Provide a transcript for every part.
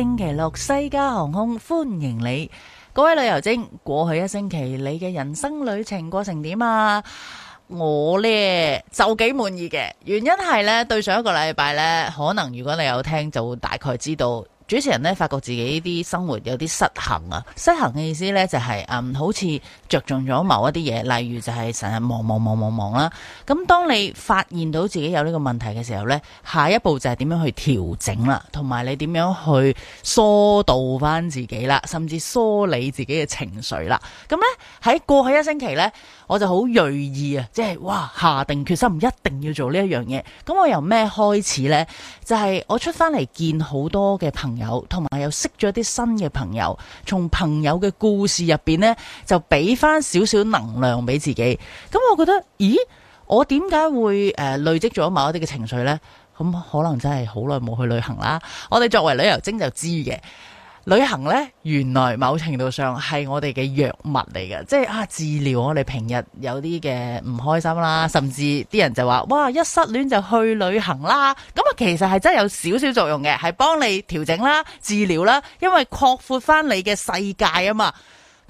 星期六，西加航空歡迎你，各位旅遊精。過去一星期，你嘅人生旅程過程點啊？我咧就幾滿意嘅，原因係咧，對上一個禮拜咧，可能如果你有聽，就大概知道。主持人呢，發覺自己啲生活有啲失衡啊！失衡嘅意思呢、就係，就係嗯，好似着重咗某一啲嘢，例如就係成日忙忙忙忙忙啦。咁當你發現到自己有呢個問題嘅時候呢，下一步就係點樣去調整啦，同埋你點樣去疏導返自己啦，甚至梳理自己嘅情緒啦。咁呢，喺過去一星期呢。我就好鋭意啊，即係哇，下定決心唔一定要做呢一樣嘢。咁我由咩開始呢？就係、是、我出翻嚟見好多嘅朋友，同埋又識咗啲新嘅朋友。從朋友嘅故事入邊呢，就俾翻少少能量俾自己。咁我覺得，咦，我點解會誒累積咗某一啲嘅情緒呢？咁可能真係好耐冇去旅行啦。我哋作為旅遊精就知嘅。旅行呢，原來某程度上係我哋嘅藥物嚟嘅，即係啊，治療我哋平日有啲嘅唔開心啦，甚至啲人就話，哇，一失戀就去旅行啦，咁啊其實係真係有少少作用嘅，係幫你調整啦、治療啦，因為擴闊翻你嘅世界啊嘛。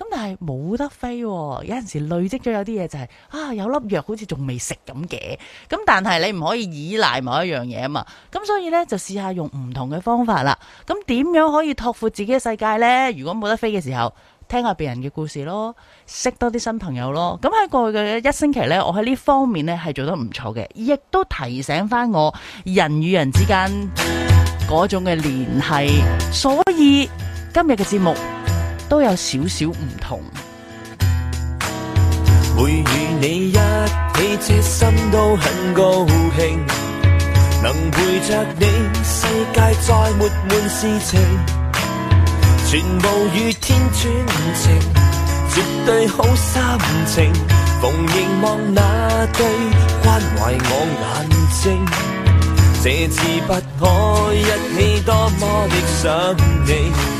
咁但係冇得飛、哦，有陣時累積咗有啲嘢就係、是、啊，有粒藥好似仲未食咁嘅，咁但係你唔可以依賴某一樣嘢啊嘛，咁所以呢，就試下用唔同嘅方法啦。咁點樣可以拓闊自己嘅世界呢？如果冇得飛嘅時候，聽下別人嘅故事咯，識多啲新朋友咯。咁、嗯、喺過去嘅一星期呢，我喺呢方面呢係做得唔錯嘅，亦都提醒翻我人與人之間嗰種嘅聯繫。所以今日嘅節目。都有少少唔同，每與你一起，這心都很高興，能陪着你，世界再沒悶事情，全部與天專情，絕對好心情。逢凝望那對關懷我眼睛，這次不可一起，多麼的想你。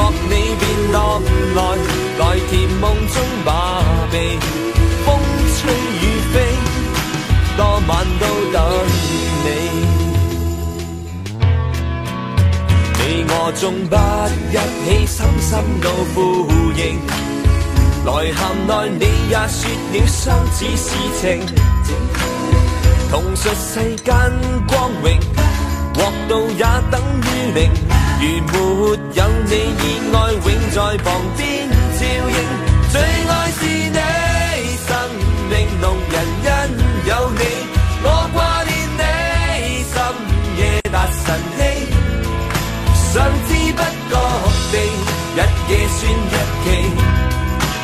你便落來，來甜夢中把臂。風吹雨飛，多晚都等你。 你我縱不一起，深深都呼應。來含淚你也說了相思事情，同述世間光榮。獲到也等於零，如沒有你外，熱愛永在旁邊照應。最愛是你，生命動人因有你，我掛念你，深夜達晨曦，不知不覺地，日夜算日期，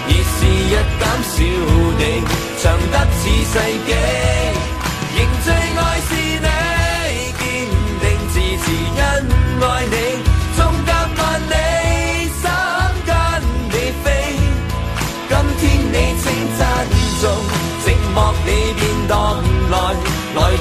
而是日減少你，長得似世紀。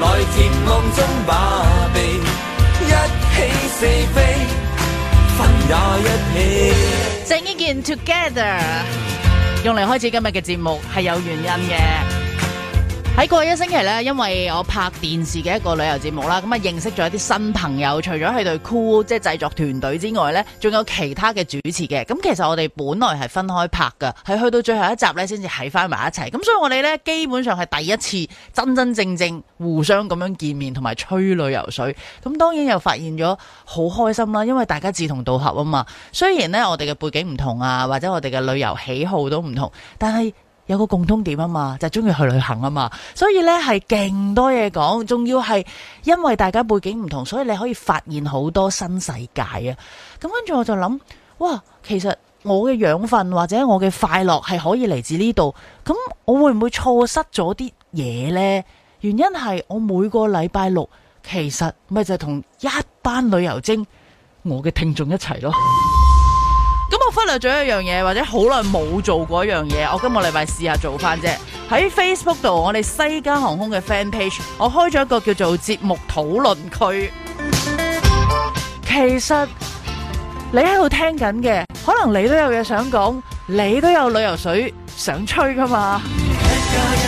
來甜夢中把臂，一起試飛，分也一起。整一件 Together，用嚟開始今日嘅節目，係有原因嘅。喺過一星期呢，因為我拍電視嘅一個旅遊節目啦，咁啊認識咗一啲新朋友。除咗係對 Cool 即係製作團隊之外呢，仲有其他嘅主持嘅。咁其實我哋本來係分開拍㗎，係去到最後一集呢先至喺翻埋一齊。咁所以我哋呢，基本上係第一次真真正正互相咁樣見面，同埋吹旅遊水。咁當然又發現咗好開心啦，因為大家志同道合啊嘛。雖然呢，我哋嘅背景唔同啊，或者我哋嘅旅遊喜好都唔同，但係，有個共通點啊嘛，就係中意去旅行啊嘛，所以呢，係勁多嘢講，仲要係因為大家背景唔同，所以你可以發現好多新世界啊！咁跟住我就諗，哇，其實我嘅養分或者我嘅快樂係可以嚟自呢度，咁我會唔會錯失咗啲嘢呢？原因係我每個禮拜六其實咪就同一班旅遊精，我嘅聽眾一齊咯。忽略咗一樣嘢，或者好耐冇做過一樣嘢，我今個禮拜試下做翻啫。喺 Facebook 度，我哋西加航空嘅 Fan Page，我開咗一個叫做節目討論區。其實你喺度聽緊嘅，可能你都有嘢想講，你都有旅遊水想吹噶嘛。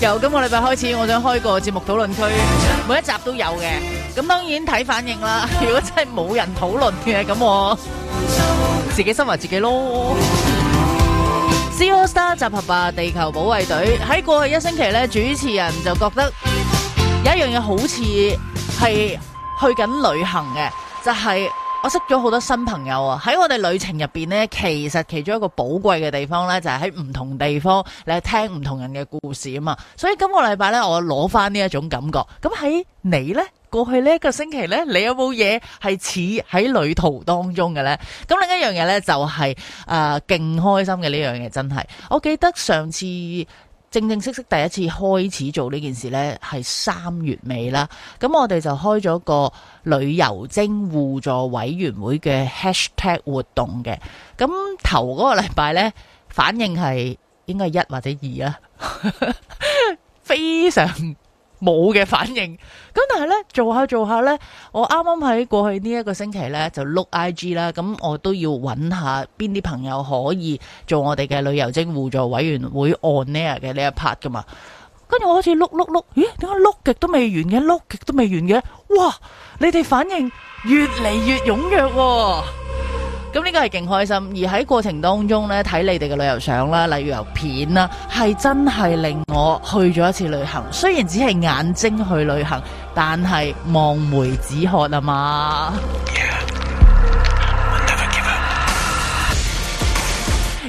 由今個禮拜開始，我想開個節目討論區，每一集都有嘅。咁當然睇反應啦，如果真係冇人討論嘅咁，我自己心懷自己咯。《c u 樂 Star》集合吧，地球保衛隊喺過去一星期咧，主持人就覺得有一樣嘢好似係去緊旅行嘅，就係、是。我識咗好多新朋友啊！喺我哋旅程入邊呢，其實其中一個寶貴嘅地方呢，就係喺唔同地方你係聽唔同人嘅故事啊嘛。所以今個禮拜呢，我攞翻呢一種感覺。咁喺你呢過去呢一個星期呢，你有冇嘢係似喺旅途當中嘅呢？咁另一樣嘢呢，就係、是、誒，勁、呃、開心嘅呢樣嘢，真係。我記得上次。正正式式第一次開始做呢件事咧，係三月尾啦。咁我哋就開咗個旅遊精互助委員會嘅 hashtag 活動嘅。咁頭嗰個禮拜咧，反應係應該係一或者二啊， 非常。冇嘅反應，咁但係咧，做下做下咧，我啱啱喺過去呢一個星期咧就碌 I G 啦，咁我都要揾下邊啲朋友可以做我哋嘅旅遊精互助委員會 on air 嘅呢一 part 㗎嘛，跟住我好似碌碌碌，咦？點解碌極都未完嘅？碌極都未完嘅，哇你哋反應越嚟越踴躍喎！咁呢個係勁開心，而喺過程當中呢，睇你哋嘅旅遊相啦，例如有片啦，係真係令我去咗一次旅行。雖然只係眼睛去旅行，但係望梅止渴啊嘛！Yeah.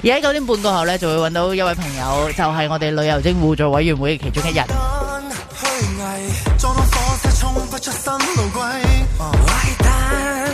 而喺九點半過後呢，就會揾到一位朋友，就係、是、我哋旅遊精互助委員會嘅其中一人。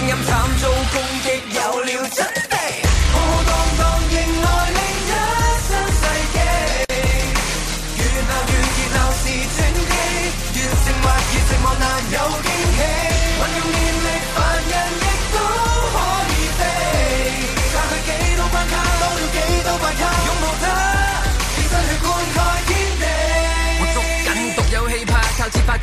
聲音慘遭攻擊。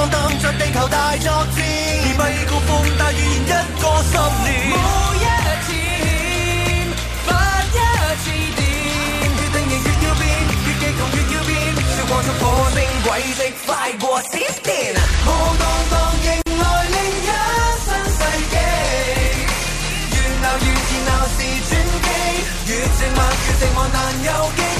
光盪在地球大作戰，面對天高峰大雨天一個十年。冒一次險，發一次癲，越定型越要變，越激動越要變。燒光像火星，軌跡快過閃電。好蕩蕩迎來另一新世紀，越鬧越熱鬧是轉機，越寂寞越寂寞難，難有機。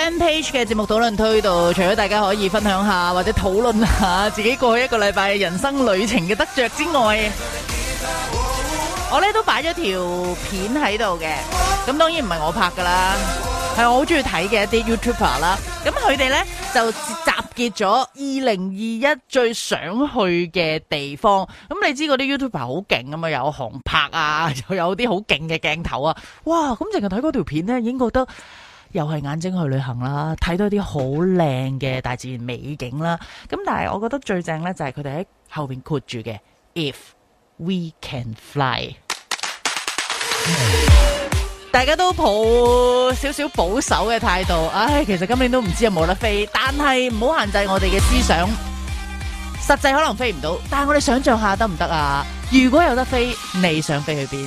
Fan Page 嘅節目討論區度，除咗大家可以分享下或者討論下自己過去一個禮拜嘅人生旅程嘅得着之外，我咧都擺咗條片喺度嘅。咁當然唔係我拍噶啦，係我好中意睇嘅一啲 YouTuber 啦。咁佢哋咧就集結咗二零二一最想去嘅地方。咁你知嗰啲 YouTuber 好勁吖嘛？有航拍啊，又有啲好勁嘅鏡頭啊。哇！咁淨係睇嗰條片咧，已經覺得。又係眼睛去旅行啦，睇到啲好靚嘅大自然美景啦。咁但係我覺得最正呢，就係佢哋喺後邊括住嘅。If we can fly，大家都抱少少保守嘅態度，唉，其實今年都唔知有冇得飛，但係唔好限制我哋嘅思想。實際可能飛唔到，但係我哋想像下得唔得啊？如果有得飛，你想飛去邊？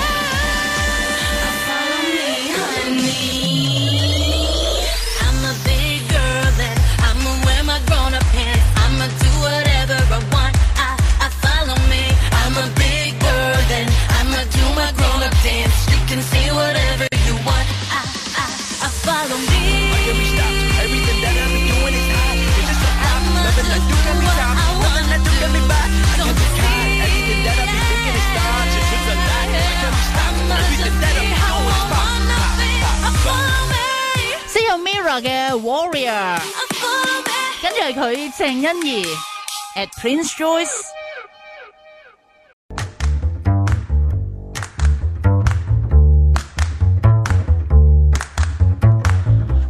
嘅 Warrior，跟住係佢鄭欣宜 At Prince Joyce。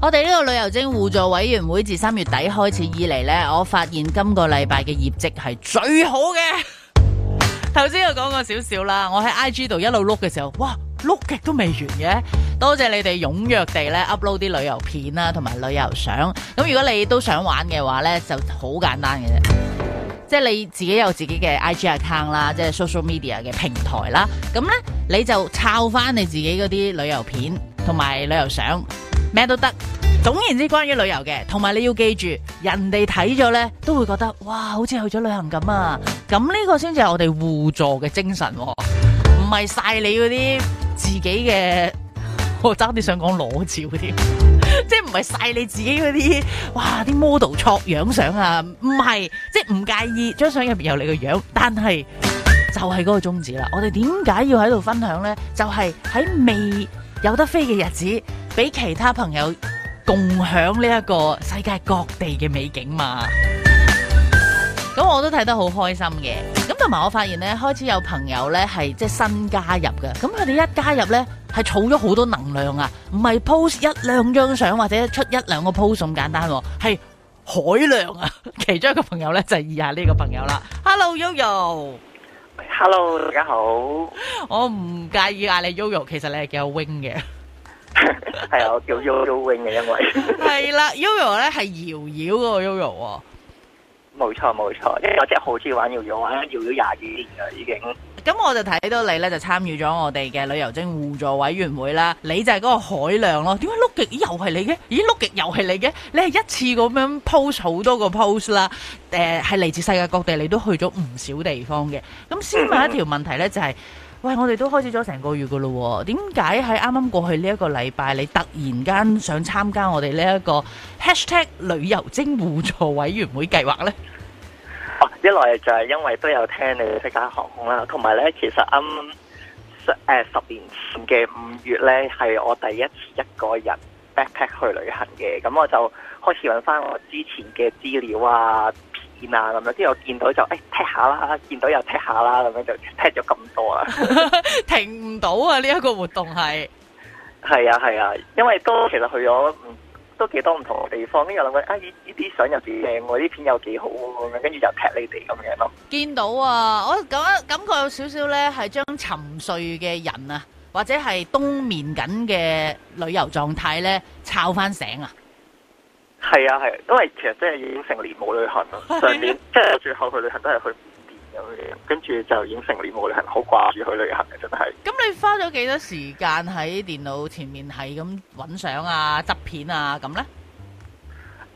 我哋呢個旅遊精互助委員會自三月底開始以嚟咧，我發現今個禮拜嘅業績係最好嘅。頭先我講過少少啦，我喺 IG 度一路碌嘅時候，哇！碌極都未完嘅，多謝你哋踴躍地咧 upload 啲旅遊片啦，同埋旅遊相。咁如果你都想玩嘅話咧，就好簡單嘅啫，即係你自己有自己嘅 IG account 啦，即係 social media 嘅平台啦。咁咧你就抄翻你自己嗰啲旅遊片同埋旅遊相，咩都得。總言之關於旅遊嘅，同埋你要記住，人哋睇咗咧都會覺得哇，好似去咗旅行咁啊。咁呢個先至係我哋互助嘅精神。唔係晒你嗰啲自己嘅，我爭啲想講裸照添，即係唔係晒你自己嗰啲，哇啲 model 撮樣相啊，唔係，即係唔介意張相入邊有你個樣，但係就係、是、嗰個宗旨啦。我哋點解要喺度分享咧？就係、是、喺未有得飛嘅日子，俾其他朋友共享呢一個世界各地嘅美景嘛。咁我都睇得好開心嘅。同埋我發現咧，開始有朋友咧係即係新加入嘅，咁佢哋一加入咧係儲咗好多能量啊！唔係 post 一兩張相或者出一兩個 post 咁簡單，係海量啊！ 其中一個朋友咧就係以下呢個朋友啦。Hello Yoyo，Hello，大家好。我唔介意嗌你 Yoyo，其實你係叫 wing 嘅，係 啊， 我叫 Yoyo Wing 嘅因為。 係啦，Yoyo 咧係瑤瑤個 Yoyo。冇錯冇錯，因為我真係好中意玩搖搖，玩咗搖咗廿幾年噶已經。咁我就睇到你咧就參與咗我哋嘅旅遊精互助委員會啦，你就係嗰個海量咯。點解碌極又係你嘅？咦，碌極又係你嘅？你係一次咁樣 post 好多個 post 啦。誒，係嚟自世界各地，你都去咗唔少地方嘅。咁先問一條問題咧，就係。喂，我哋都開始咗成個月噶咯，點解喺啱啱過去呢一個禮拜，你突然間想參加我哋呢一個 hashtag 旅遊精互助委員會計劃呢？啊、一來就係因為都有聽你哋西加航空啦，同埋呢，其實啱啱、嗯十，呃、十年前嘅五月呢，係我第一次一個人 backpack 去旅行嘅，咁我就開始搵翻我之前嘅資料啊。見啊，咁樣之後見到就誒，踢下啦，見到又踢下啦，咁樣就踢咗咁多啊，停唔到啊！呢一個活動係係啊係啊，因為都其實去咗都幾多唔同嘅地方，跟住諗緊啊，咦呢啲相又幾靚，我啲片又幾好咁樣，跟住就踢你哋咁樣咯。見到啊，我感感覺有少少咧，係將沉睡嘅人啊，或者係冬眠緊嘅旅遊狀態咧，抄翻醒啊！係啊，係、啊，因為其實真係已經成年冇旅行咯，啊、上年即係、啊、最後去旅行都係去緬甸咁樣，跟住就已經成年冇旅行，好掛住去旅行嘅真係。咁你花咗幾多時間喺電腦前面係咁揾相啊、執片啊咁咧？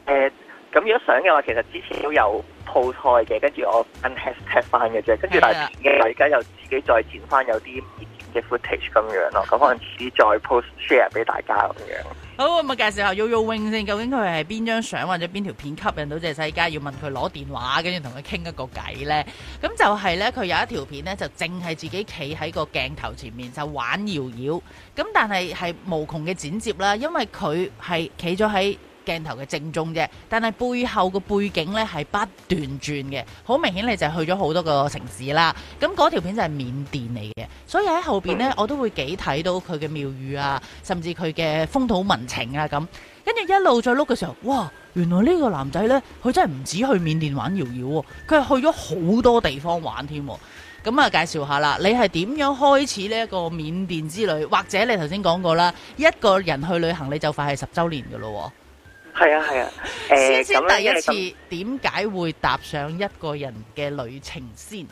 誒，咁、呃、如果相嘅話，其實之前都有 po 嘅，跟住我 unhaste 翻嘅啫，跟住但係我而家又自己再剪翻有啲唔同嘅 footage 咁樣咯，咁可能自己再 post share 俾大家咁樣。好，咪介紹下 YoYo Wing 先，究竟佢係邊張相或者邊條片吸引到謝世佳，要問佢攞電話，跟住同佢傾一個偈呢？咁就係呢，佢有一條片呢，就淨係自己企喺個鏡頭前面就玩搖搖。咁但係係無窮嘅剪接啦，因為佢係企咗喺鏡頭嘅正中啫，但係背後嘅背景呢係不斷轉嘅，好明顯，你就去咗好多個城市啦。咁嗰條片就係緬甸嚟嘅，所以喺後邊呢，我都會幾睇到佢嘅廟宇啊，甚至佢嘅風土民情啊咁。跟住一路再碌嘅時候，哇！原來呢個男仔呢，佢真係唔止去緬甸玩搖搖喎、啊，佢係去咗好多地方玩添。咁啊，介紹下啦，你係點樣開始呢一個緬甸之旅？或者你頭先講過啦，一個人去旅行你就快係十週年嘅咯。係啊係啊，啊呃、先先生第一次點解會踏上一個人嘅旅程先？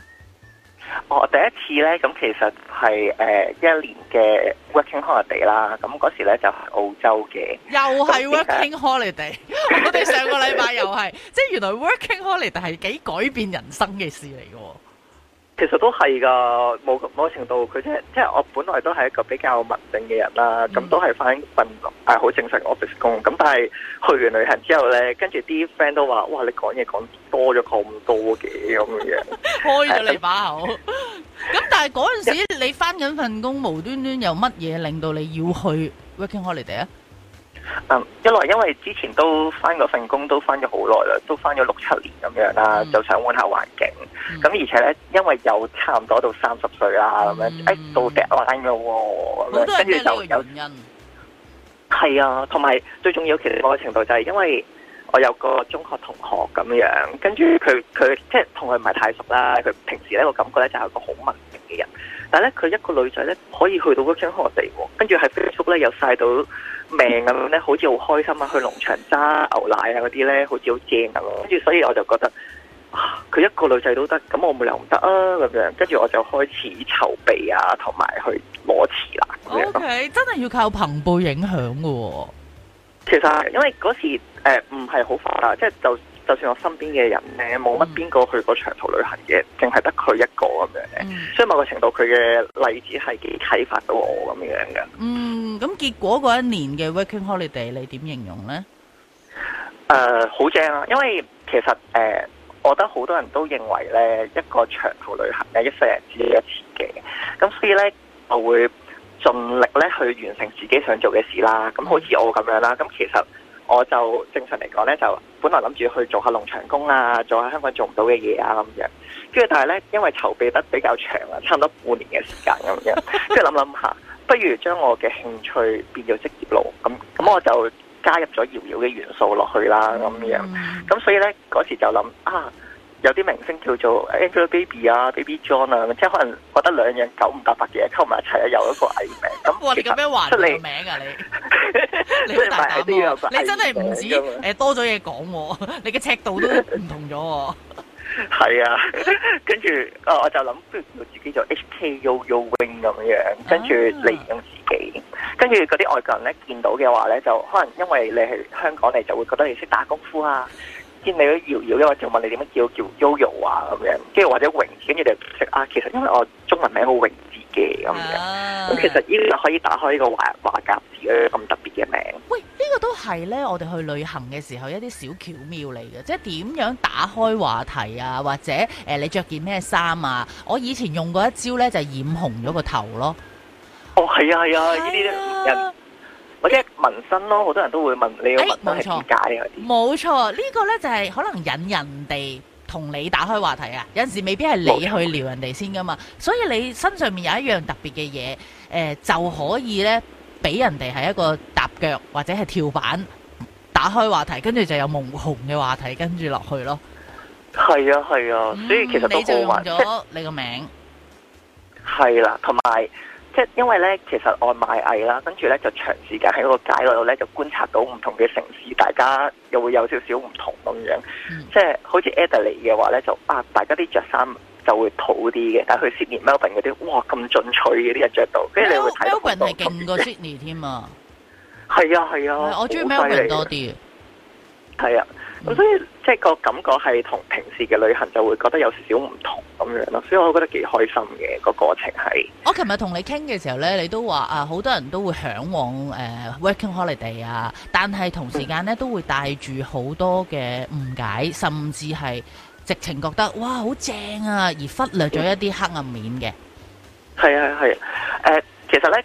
哦，第一次咧，咁其實係誒、呃、一年嘅 working holiday 啦，咁嗰時咧就係、是、澳洲嘅，又係 working holiday， 我哋上個禮拜又係， 即係原來 working holiday 係幾改變人生嘅事嚟嘅。其實都係噶，冇某程度，佢即係即係我本來都係一個比較文靜嘅人啦，咁都係翻份係好正式 office 工。咁但係去完旅行之後咧，跟住啲 friend 都話：哇，你講嘢講多咗咁多嘅咁樣， 開咗你把、啊、口。咁 但係嗰陣時你翻緊份工，無端端有乜嘢令到你要去 working holiday 啊？嗯，um, 一來因為之前都翻嗰份工都翻咗好耐啦，都翻咗六七年咁樣啦，嗯、就想換下環境。咁、嗯、而且咧，因為又差唔多到三十歲啦，咁樣誒到趯彎咯，咁跟住就有。係啊，同埋最重要，其實我嘅程度就係因為我有個中學同學咁樣，就是、跟住佢佢即係同佢唔係太熟啦。佢平時咧個感覺咧就係個好文明嘅人，但係咧佢一個女仔咧可以去到咁樣嘅地步，跟住喺 Facebook 咧又晒到。命咁樣咧，好似好開心啊！去農場揸牛奶啊，嗰啲咧好似好正咁。跟住所以我就覺得，佢、啊、一個女仔都得，咁我冇理由唔得啊咁樣。跟住我就開始籌備啊，同埋去攞錢啦。O Okay , K，真係要靠朋輩影響噶、哦。其實因為嗰時誒唔係好快啦，即、呃、係、就是、就。就算我身邊嘅人咧，冇乜邊個去過長途旅行嘅，淨係得佢一個咁樣，嗯、所以某個程度佢嘅例子係幾啟發到我咁樣嘅。嗯，咁結果嗰一年嘅 Working Holiday 你點形容呢？誒、呃，好正啊！因為其實誒、呃，我覺得好多人都認為咧，一個長途旅行係一世人只有一次嘅，咁所以咧我會盡力咧去完成自己想做嘅事啦。咁好似我咁樣啦，咁其實。我就正常嚟講咧，就本來諗住去做下農場工啊，做下香港做唔到嘅嘢啊咁樣。跟住但係咧，因為籌備得比較長啦，差唔多半年嘅時間咁樣。即係諗諗下，不如將我嘅興趣變做職業路咁。咁我就加入咗搖搖嘅元素落去啦咁樣。咁所以咧嗰時就諗啊。有啲明星叫做 Angelababy 啊、Baby John 啊，即係可能覺得兩樣九唔搭八嘅嘢溝埋一齊啊，有一個藝名咁。哇！你咁樣話出嚟名噶你， 你好大膽喎、啊！你真係唔止誒、欸、多咗嘢講， 你嘅尺度都唔同咗。係 是啊，跟住我我就諗不如叫自己做 HKUUwing 咁樣，跟住利用自己，跟住嗰啲外國人咧見到嘅話咧，就可能因為你係香港，你就會覺得你識打功夫啊。見你都搖搖因為仲問你點樣叫叫 YoYo 啊咁樣，跟住或者榮，跟住就識啊。其實因為我中文名好榮字嘅咁樣，咁其實呢個可以打開呢個話話匣子咧，咁特別嘅名。喂，呢個都係咧，我哋去旅行嘅時候一啲小巧妙嚟嘅，即係點樣打開話題啊，或者誒，你着件咩衫啊？我以前用過一招咧，就染紅咗個頭咯。哦，係啊，係啊，呢啲咧。或者紋身咯，好多人都會問你、哎，誒，冇錯，冇錯，呢、這個咧就係可能引人哋同你打開話題啊！有陣時未必係你去撩人哋先噶嘛，所以你身上面有一樣特別嘅嘢，誒、呃、就可以呢俾人哋係一個踏腳或者係跳板，打開話題，跟住就有夢熊嘅話題跟住落去咯。係啊，係啊，所以其實、嗯、你就用咗你個名，係啦、 啊，同埋。即係因為咧，其實外賣藝啦，跟住咧就長時間喺個街嗰度咧，就觀察到唔同嘅城市，大家又會有少少唔同咁樣。嗯、即係好似 Adelaide 嘅話咧，就啊，大家啲着衫就會土啲嘅，但係佢 Sydney、Melbourne 嗰啲，哇，咁進取嘅啲人着到，跟住你會睇到多好多。Melbourne 係勁過 Sydney 添啊！係啊係啊， 我中意 Melbourne 多啲。係啊。 咁、嗯、所以即係個感覺係同平時嘅旅行就會覺得有少少唔同咁樣咯，所以我覺得幾開心嘅個過程係。我琴日同你傾嘅時候咧，你都話啊，好多人都會向往誒、呃、working holiday 啊，但係同時間咧、嗯、都會帶住好多嘅誤解，甚至係直情覺得哇好正啊，而忽略咗一啲黑暗面嘅。係啊係啊係啊，誒、呃，其實咧。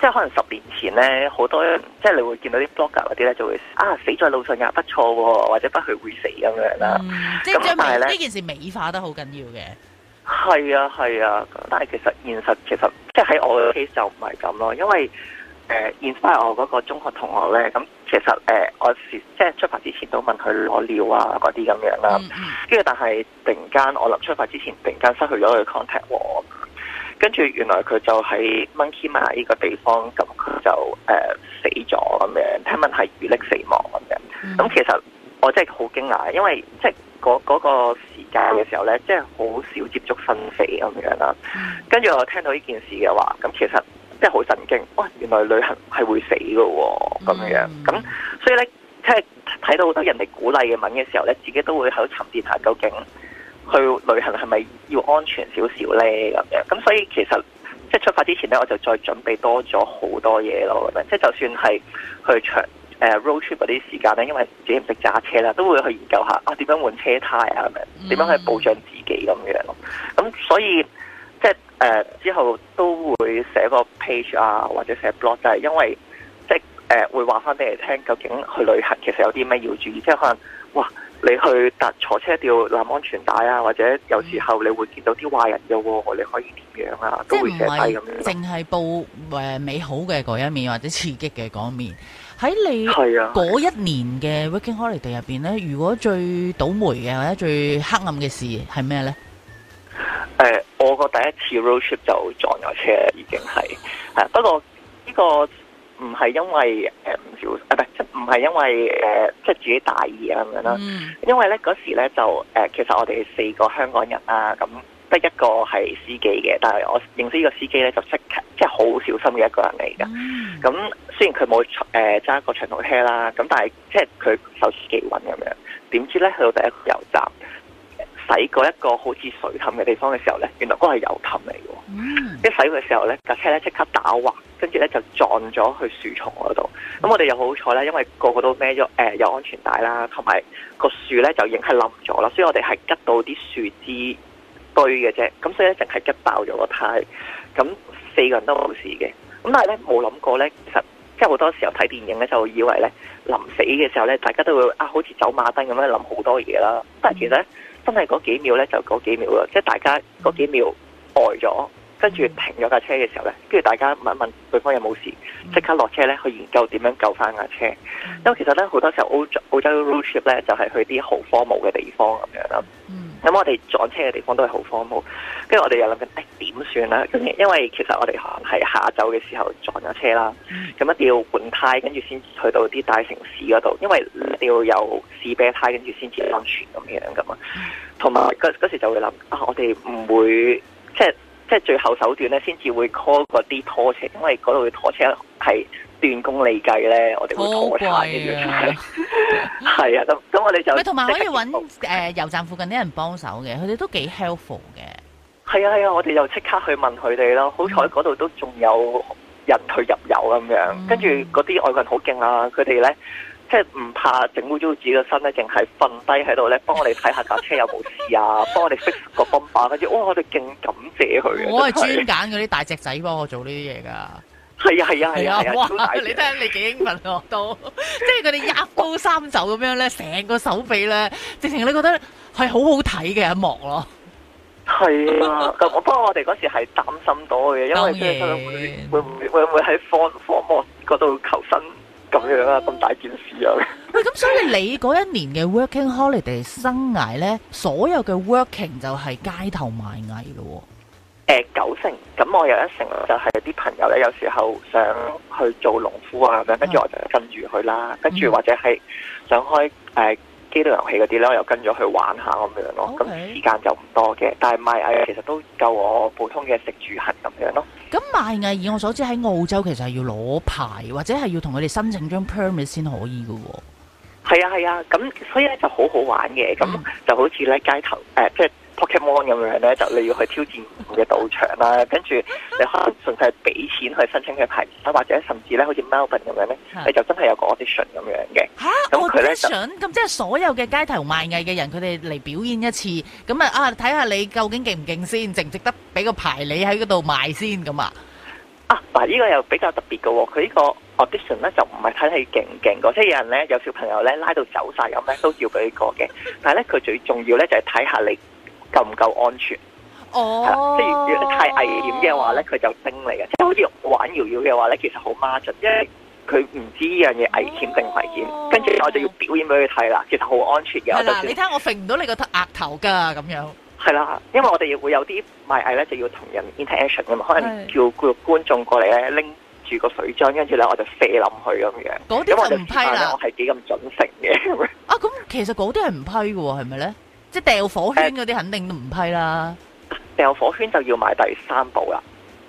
即係可能十年前咧，好多即係你會見到啲 blogger 嗰啲咧就會啊死在路上也不錯，哦，或者不去會死咁樣啦。嗯、但即但係咧呢件事美化得好緊要嘅。係啊係啊，但係其實現實其實即係喺我嘅 case 就唔係咁咯，因為誒、呃、inspire 我嗰個中學同學咧，咁其實誒、呃、我即係出發之前都問佢攞料啊嗰啲咁樣啦。跟住、嗯嗯、但係突然間我臨出發之前突然間失去咗佢 contact 跟住原來佢就喺 Monkey Mountain 呢個地方，咁佢就誒、呃、死咗咁樣。聽聞係遇溺死亡咁樣。咁、mm hmm. 嗯、其實我真係好驚訝，因為即係嗰嗰個時間嘅時候咧，即係好少接觸生死咁樣啦。跟住我聽到呢件事嘅話，咁其實真係好神經。哇、哦！原來旅行係會死嘅喎，咁樣咁、mm hmm. 嗯嗯嗯，所以咧即係睇到好多人哋鼓勵嘅文嘅時候咧，自己都會喺度沉澱下究竟。去旅行係咪要安全少少呢？咁樣？咁所以其實即係出發之前呢，我就再準備多咗好多嘢咯。咁樣即係就算係去長、呃、road trip 嗰啲時間呢，因為自己唔識揸車啦，都會去研究下啊點樣換車胎啊咁樣，點、mm hmm. 樣去保障自己咁樣咯。咁所以即係、呃、之後都會寫個 page 啊，或者寫 blog 就係因為即係誒、呃、會話翻俾你聽，究竟去旅行其實有啲咩要注意？即係可能哇。你去搭坐車掉攬安全帶啊，或者有時候你會見到啲壞人嘅喎，你可以點樣啊？都唔係，淨係報誒美好嘅嗰一面，或者刺激嘅嗰一面。喺你嗰、啊、一年嘅 Working Holiday 入邊咧，如果最倒霉嘅或者最黑暗嘅事係咩咧？誒、呃，我個第一次 road trip 就撞咗車，已經係係、啊、不過呢、呢個。唔係因為誒唔小心，啊，唔係即唔係因為誒即自己大意啊咁樣啦。因為咧嗰時咧就誒，其實我哋四個香港人啊，咁得一個係司機嘅，但係我認識呢個司機咧就識即係好小心嘅一個人嚟㗎。咁雖然佢冇誒揸過長途車啦，咁但係即係佢手勢幾穩咁樣。點知咧去到第一個油站，洗過一個好似水氹嘅地方嘅時候呢，原來嗰個係油氹嚟嘅，mm. 一洗嘅時候呢，架車呢即刻打滑，跟住呢就撞咗去樹叢嗰度。咁我哋又好彩呢，因為個個都孭咗誒有安全帶啦，同埋個樹呢就已經係冧咗啦，所以我哋係吉到啲樹枝堆嘅啫。咁所以呢，淨係吉爆咗個胎，咁四個人都冇事嘅。咁但係呢，冇諗過呢。其實即係好多時候睇電影呢，就以為呢，臨死嘅時候呢，大家都會啊好似走馬燈咁樣諗好多嘢啦。但係其實～、mm. 真係嗰幾秒咧，就嗰幾秒咯，即係大家嗰幾秒呆咗，跟住停咗架車嘅時候咧，跟住大家問一問對方有冇事，即刻落車咧去研究點樣救翻架車。因為其實咧好多時候澳洲澳洲 road trip 咧就係、是、去啲好荒蕪嘅地方咁樣咯。嗯咁、嗯、我哋撞車嘅地方都係好荒蕪，跟住我哋又諗緊誒點算啦？咁因為其實我哋可能係下晝嘅時候撞咗車啦，咁、嗯嗯、一定要換胎，跟住先去到啲大城市嗰度，因為一定要有士啤胎，跟住先至安全咁樣噶嘛。同埋嗰嗰時就會諗，啊我哋唔會即係即係最後手段咧，先至會 call 嗰啲拖車，因為嗰度嘅拖車係。段工利計咧，我哋好貴啊！係 啊，咁咁我哋就同埋可以揾油站附近啲人幫手嘅，佢哋都幾 helpful 嘅。係啊係啊，我哋就即刻去問佢哋咯。好彩嗰度都仲有人去入油咁樣，嗯、跟住嗰啲外國人好勁啊！佢哋咧即係唔怕整污糟自己個身咧，淨係瞓低喺度咧，幫我哋睇下架車有冇事啊！ 幫我哋 fix 個泵把嗰啲。我哋勁感謝佢。啊。我係專揀嗰啲大隻仔幫我做呢啲嘢㗎。係啊係啊係啊！哇，你睇下你幾英文我都即係佢哋一高三走咁樣咧，成個手臂咧，直情你覺得係好好睇嘅一幕咯。係啊，咁我不過我哋嗰時係擔心多嘅，因為即係會會唔會喺火火魔嗰度求生咁樣啊，咁大件事啊。 喂，咁所以你嗰一年嘅 working holiday 生涯咧，所有嘅 working 就係街頭賣藝咯。誒，九成咁，我有一成就係啲朋友咧，有時候想去做農夫啊咁樣，嗯、跟住我就跟住佢啦，嗯、跟住或者係想開誒機、呃、動遊戲嗰啲咧，我又跟咗去玩下咁、嗯、樣咯。咁時間就唔多嘅，但係賣藝其實都夠我普通嘅食住行咁樣咯。咁賣藝以我所知喺澳洲其實係要攞牌或者係要同佢哋申請張 permit 先可以嘅。係啊係啊，咁、啊、所以咧就、嗯、就好好玩嘅，咁就好似咧街頭誒、呃、即係。Pokémon 咁樣咧，就係、你要去挑戰嘅道場啦、啊，跟住你可能純粹係俾錢去申請個牌，或者甚至咧好似 Melvin 咁樣咧，你就真係有個 audition 咁樣嘅嚇。audition 咁即係所有嘅街頭賣藝嘅人，佢哋嚟表演一次，咁啊啊睇下你究竟勁唔勁先，值唔值得俾個牌你喺嗰度賣先咁啊？啊嗱，呢、呢個又比較特別嘅喎、哦，佢呢個 audition 咧就唔係睇你勁唔勁個，即係有人咧有小朋友咧拉到走晒咁咧都要俾個嘅，但係咧佢最重要咧就係睇下你。夠唔夠安全？哦，即係如果太危險嘅話咧，佢就叮你嘅，即係好似玩搖搖嘅話咧，其實好 m a r g 因為佢唔知呢樣嘢危險定危險，哦、跟住我就要表演俾佢睇啦。其實好安全嘅。的你睇下我飛唔到你個額頭噶咁樣。係啦，因為我哋會有啲賣藝咧，就要同人 interaction 嘅嘛，的可能叫觀觀眾過嚟咧，拎住個水樽，跟住咧我就射冧佢咁樣。嗰啲就唔批我係幾咁準繩嘅。啊，咁其實嗰啲係唔批嘅，係咪咧？即係掉火圈嗰啲肯定都唔批啦，掉火圈就要買第三部啦。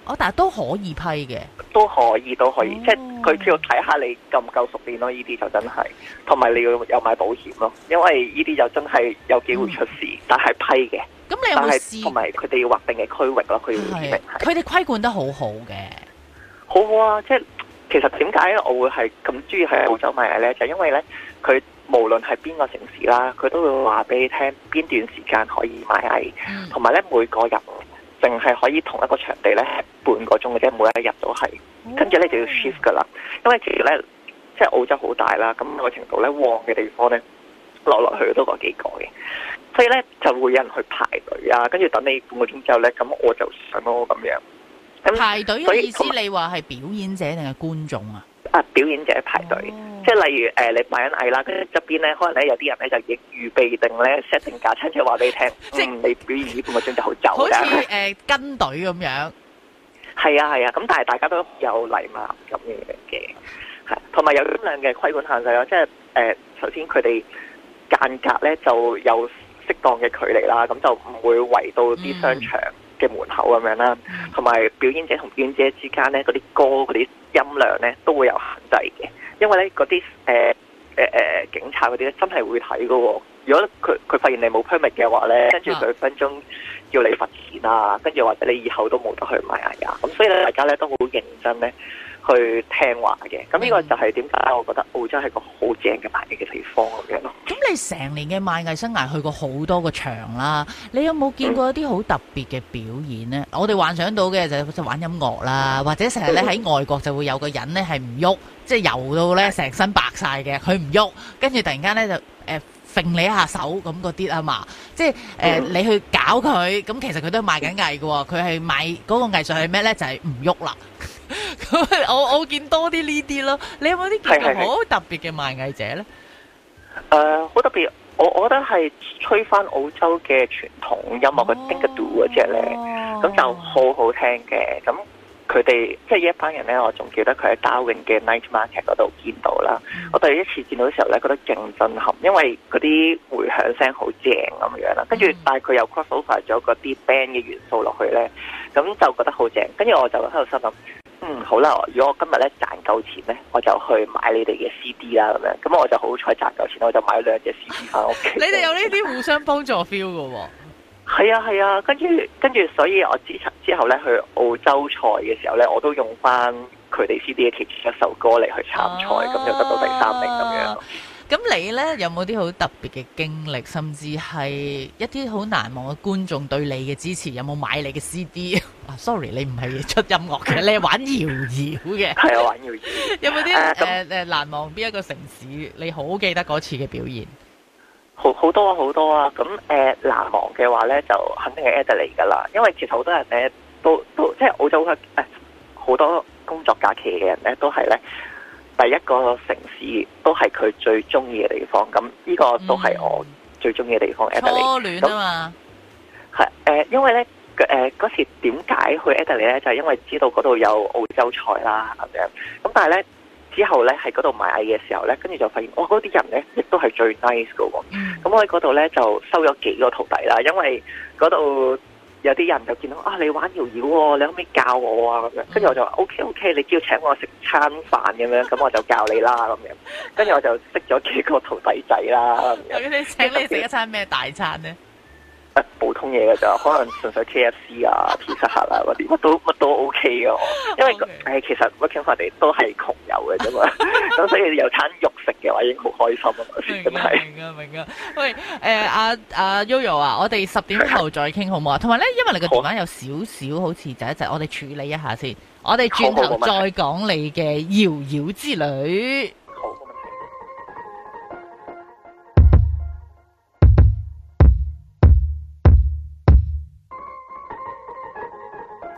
哦，但係都可以批嘅，都可以都可以，哦、即係佢要睇下你夠唔夠熟練咯。呢啲就真係，同埋你要有買保險咯，因為呢啲就真係有機會出事，嗯、但係批嘅。咁你有冇試？同埋佢哋要劃定嘅區域咯，佢要劃定。佢哋規管得好好嘅，好好啊！即係其實點解我會係咁中意喺澳洲買嘢咧？就是、因為咧佢。無論係邊個城市啦，佢都會話俾你聽邊段時間可以賣藝，同埋咧每個人淨係可以同一個場地咧係半個鐘嘅啫，每一日都係，都嗯、跟住咧就要 shift 噶啦。因為其實咧，即係澳洲好大啦，咁、嗰個程度咧旺嘅地方咧落落去都嗰幾個嘅，所以咧就會有人去排隊啊，跟住等你半個鐘之後咧，咁我就上咯咁樣。咁排隊嘅意思樣，你話係表演者定係觀眾啊？啊！表演者排隊，oh. 即係例如誒、呃、你賣緊藝啦，跟住側邊咧，可能咧有啲人咧就亦預備定咧 set 定價，親姐話俾你聽，即係、嗯、你表演呢半個鐘就走好走噶啦。跟隊咁樣，係啊係啊，咁、啊、但係大家都有禮貌咁嘅嘅，係同埋有，有量嘅規管限制咯。即係誒、呃，首先佢哋間隔咧就有適當嘅距離啦，咁就唔會圍到啲商場嘅門口咁樣啦。同埋、mm. 表演者同表演者之間咧嗰啲歌啲。音量咧都會有限制嘅，因為咧嗰啲誒誒誒警察嗰啲咧真係會睇㗎喎。如果佢佢發現你冇 permit 嘅話咧，跟住佢分分鐘要你罰錢啊，跟住或者你以後都冇得去買呀。咁、啊、所以咧，大家咧都好認真咧。去聽話嘅，咁呢個就係點解我覺得澳洲係個好正嘅賣藝嘅地方嘅咯。咁你成年嘅賣藝生涯去過好多個場啦，你有冇見過一啲好特別嘅表演呢？嗯、我哋幻想到嘅就係玩音樂啦，嗯、或者成日咧喺外國就會有個人咧係唔喐，即、就、係、是、游到咧成身白晒嘅，佢唔喐，跟住突然間咧就誒揈、呃、你一下手咁嗰啲啊嘛，即係誒、呃嗯、你去搞佢，咁其實佢都賣緊藝㗎喎，佢係賣嗰個藝術係咩咧？就係唔喐啦。 我我見多啲呢啲咯，你有冇啲咁好特別嘅賣藝者咧？誒，好、呃、特別，我我覺得係吹翻澳洲嘅傳統音樂嘅 tinga do 只咧，咁、哦、就好好聽嘅。咁佢哋即係一班人咧，我仲記得佢喺 Darwin 嘅 Night Market 嗰度見到啦。嗯、我第一次見到嘅時候咧，覺得勁震撼，因為嗰啲回響聲好正咁樣啦。跟住，但係佢又 cross over 咗嗰啲 band 嘅元素落去咧。咁就覺得好正，跟住我就喺度心諗，嗯，好啦，如果我今日咧賺夠錢咧，我就去買你哋嘅 CD 啦咁樣，咁我就好彩賺夠錢，我就買咗兩隻 CD 翻屋企。 你哋有呢啲互相幫助 feel 噶、哦？係啊係啊，跟住跟住，所以我之前之後咧去澳洲賽嘅時候咧，我都用翻佢哋 CD 嘅其中一首歌嚟去參賽，咁、啊、就得到第三名咁樣。咁你咧有冇啲好特別嘅經歷，甚至係一啲好難忘嘅觀眾對你嘅支持？有冇買你嘅 CD？啊 ，sorry，你唔係出音樂嘅， 你係玩搖搖嘅。係 啊，玩搖搖。有冇啲誒誒難忘邊一個城市？嗯、你好記得嗰次嘅表現？好好多啊，好多啊。咁誒、呃、難忘嘅話咧，就肯定係 Adelaide 嚟㗎啦。因為其實好多人咧都都，都即係澳洲嘅誒，好多工作假期嘅人咧都係咧。第一個城市都係佢最中意嘅地方，咁呢個都係我最中意嘅地方。Adelaide，Adelaide, 初戀啊嘛，係誒、呃，因為咧，誒、呃、嗰時點解去 Adelaide 咧，就係、是、因為知道嗰度有澳洲菜啦，咁樣。咁但係咧之後咧喺嗰度買嘢嘅時候咧，跟住就發現，哇，嗰啲人咧亦都係最 nice 噶喎、喔。咁、嗯、我喺嗰度咧就收咗幾個徒弟啦，因為嗰度。有啲人就見到啊，你玩搖搖喎，你可唔可以教我啊？咁樣、嗯，跟住我就話 OK OK，你叫請我食餐飯咁樣，咁我就教你啦咁樣。跟住 我就識咗幾個徒弟仔啦。咁你 請你食一餐咩大餐咧？啊、普通嘢嘅就，可能純粹 K F C 啊、披薩客啊嗰啲，乜都乜都 O K 嘅。因為誒，Okay. 其實 working family 都係窮遊嘅啫嘛，咁 所以有餐肉食嘅話已經好開心啊嘛。明啊明、 okay, uh, uh, uh, 啊，喂誒阿阿 Yoyo 啊，我哋十點後再傾好唔好啊？同埋咧，因為你個電話有少少，好似就一就，我哋處理一下先，我哋轉頭再講你嘅遙遙之旅。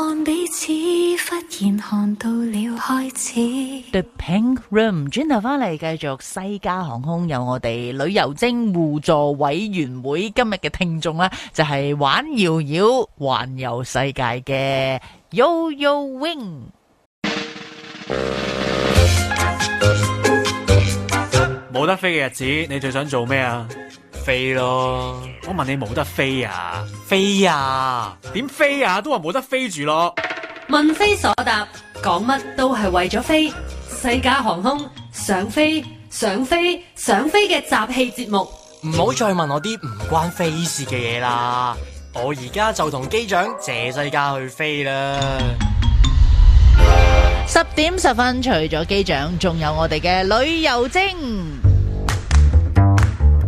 看彼此忽然到了開始。The Pink Room 轉頭翻嚟繼續西加航空，有我哋旅遊精互助委員會今日嘅聽眾呢，就係玩搖搖環遊世界嘅 YoYo Wing。冇得飛嘅日子，你最想做咩啊？飛咯！我問你冇得飛啊？飛啊？點飛啊？都話冇得飛住咯。問非所答，講乜都係為咗飛。西加航空想，想飛想飛想飛嘅雜戲節目，唔好、嗯、再問我啲唔關飛事嘅嘢啦。我而家就同機長謝西加去飛啦。十點十分，除咗機長，仲有我哋嘅旅遊精。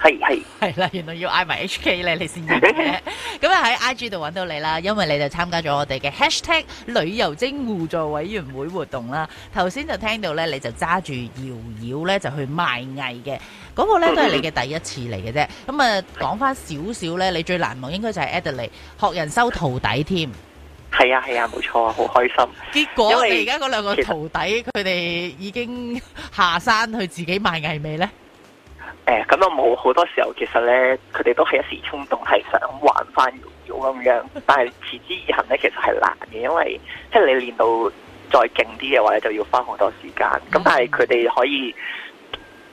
係係係啦，原來要嗌埋 HK 咧，你先知嘅。咁啊喺 IG 度揾到你啦，因為你就參加咗我哋嘅 Hashtag 旅遊精互助委員會活動啦。頭先就聽到咧，你就揸住瑤瑤咧就去賣藝嘅。嗰個咧都係你嘅第一次嚟嘅啫。咁啊，講翻少少咧，你最難忘應該就係 Adelaide 學人收徒弟添。係啊係啊，冇錯啊，好開心。結果，因為而家嗰兩個徒弟，佢哋實已經下山去自己賣藝未咧？誒，咁我冇好多時候，其實咧，佢哋都係一時衝動，係想玩翻瑤瑤咁樣，但係持之以恒咧，其實係難嘅，因為即係你練到再勁啲嘅話，就要花好多時間。咁但係佢哋可以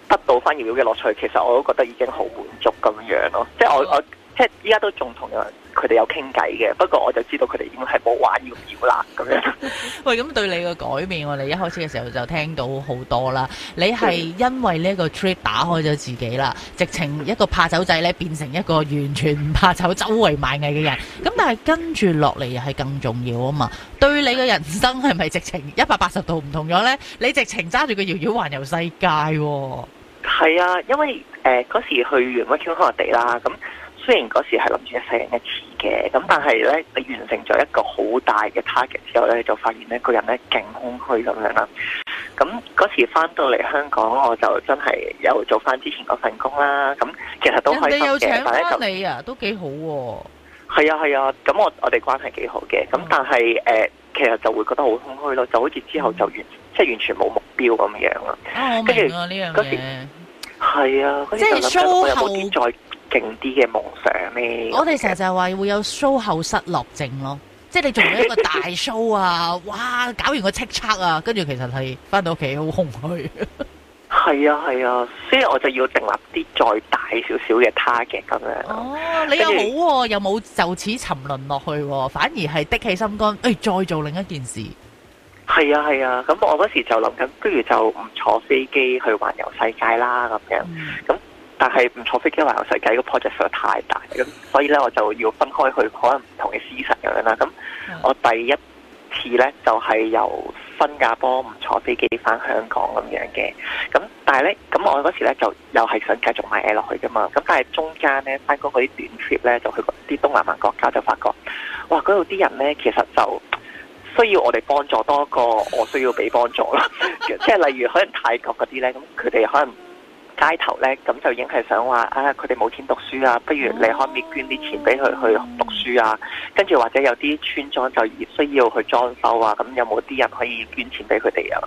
得到翻瑤瑤嘅樂趣，其實我都覺得已經好滿足咁樣樣咯。即係我我。Not 我即係依家都仲同佢哋有傾偈嘅，不過我就知道佢哋已經係冇話要撩啦咁樣。 喂，咁對你嘅改變，我哋一開始嘅時候就聽到好多啦。你係因為呢個 trip 打開咗自己啦，直情一個怕醜仔咧，變成一個完全唔怕醜、周圍賣藝嘅人。咁但係跟住落嚟又係更重要啊嘛。對你嘅人生係咪直情一百八十度唔同咗呢？你直情揸住個搖搖環遊世界，啊？係啊，因為誒嗰、呃、時去完 working holiday 啦，咁。雖然嗰時係諗住一世人一次嘅，咁但係咧，你完成咗一個好大嘅 target 之後咧，就發現咧個人咧勁空虛咁樣啦。咁嗰時翻到嚟香港，我就真係有做翻之前嗰份工啦。咁其實都開心嘅。人哋有請翻你啊，都幾好喎。係啊係啊，咁、啊啊、我我哋關係幾好嘅。咁、嗯、但係誒、呃，其實就會覺得好空虛咯，就好、是、似之後就完、嗯、即係完全冇目標咁樣啦。哦，我明啊呢樣嘢。係啊，嗰著、啊、時就諗緊我有冇啲再。勁啲嘅夢想呢，我哋成日就係話會有 show 後失落症咯，即、就、係、是、你做咗一個大 show 啊， 哇，搞完個叱咤 啊，跟住其實係翻到屋企好空虛。係啊係啊，所以我就要訂立啲再大少少嘅 target 咁樣。哦，你又冇又冇就此沉淪落去，反而係的起心肝，誒，再做另一件事。係啊係啊，咁、啊、我嗰時就諗緊不如就唔坐飛機去環遊世界啦咁樣咁。 嗯但係唔坐飛機環遊世界個 project 實在太大咁。所以咧我就要分開去可能唔同嘅司實咁樣啦。咁我第一次咧就係，是，由新加坡唔坐飛機翻香港咁樣嘅。咁但係咧咁我嗰時咧就又係想繼續買嘢落去噶嘛。咁但係中間咧翻工嗰啲短 trip 咧，就去啲東南亞國家就發覺，哇！嗰度啲人咧其實就需要我哋幫助多過我需要俾幫助啦。即 係例如可能泰國嗰啲咧，咁佢哋可能。街頭咧，咁就已經係想話啊，佢哋冇錢讀書啊，不如你可唔可以捐啲錢俾佢去讀書啊？跟住、mm hmm. 或者有啲村莊就需要去裝修啊，咁有冇啲人可以捐錢俾佢哋啊？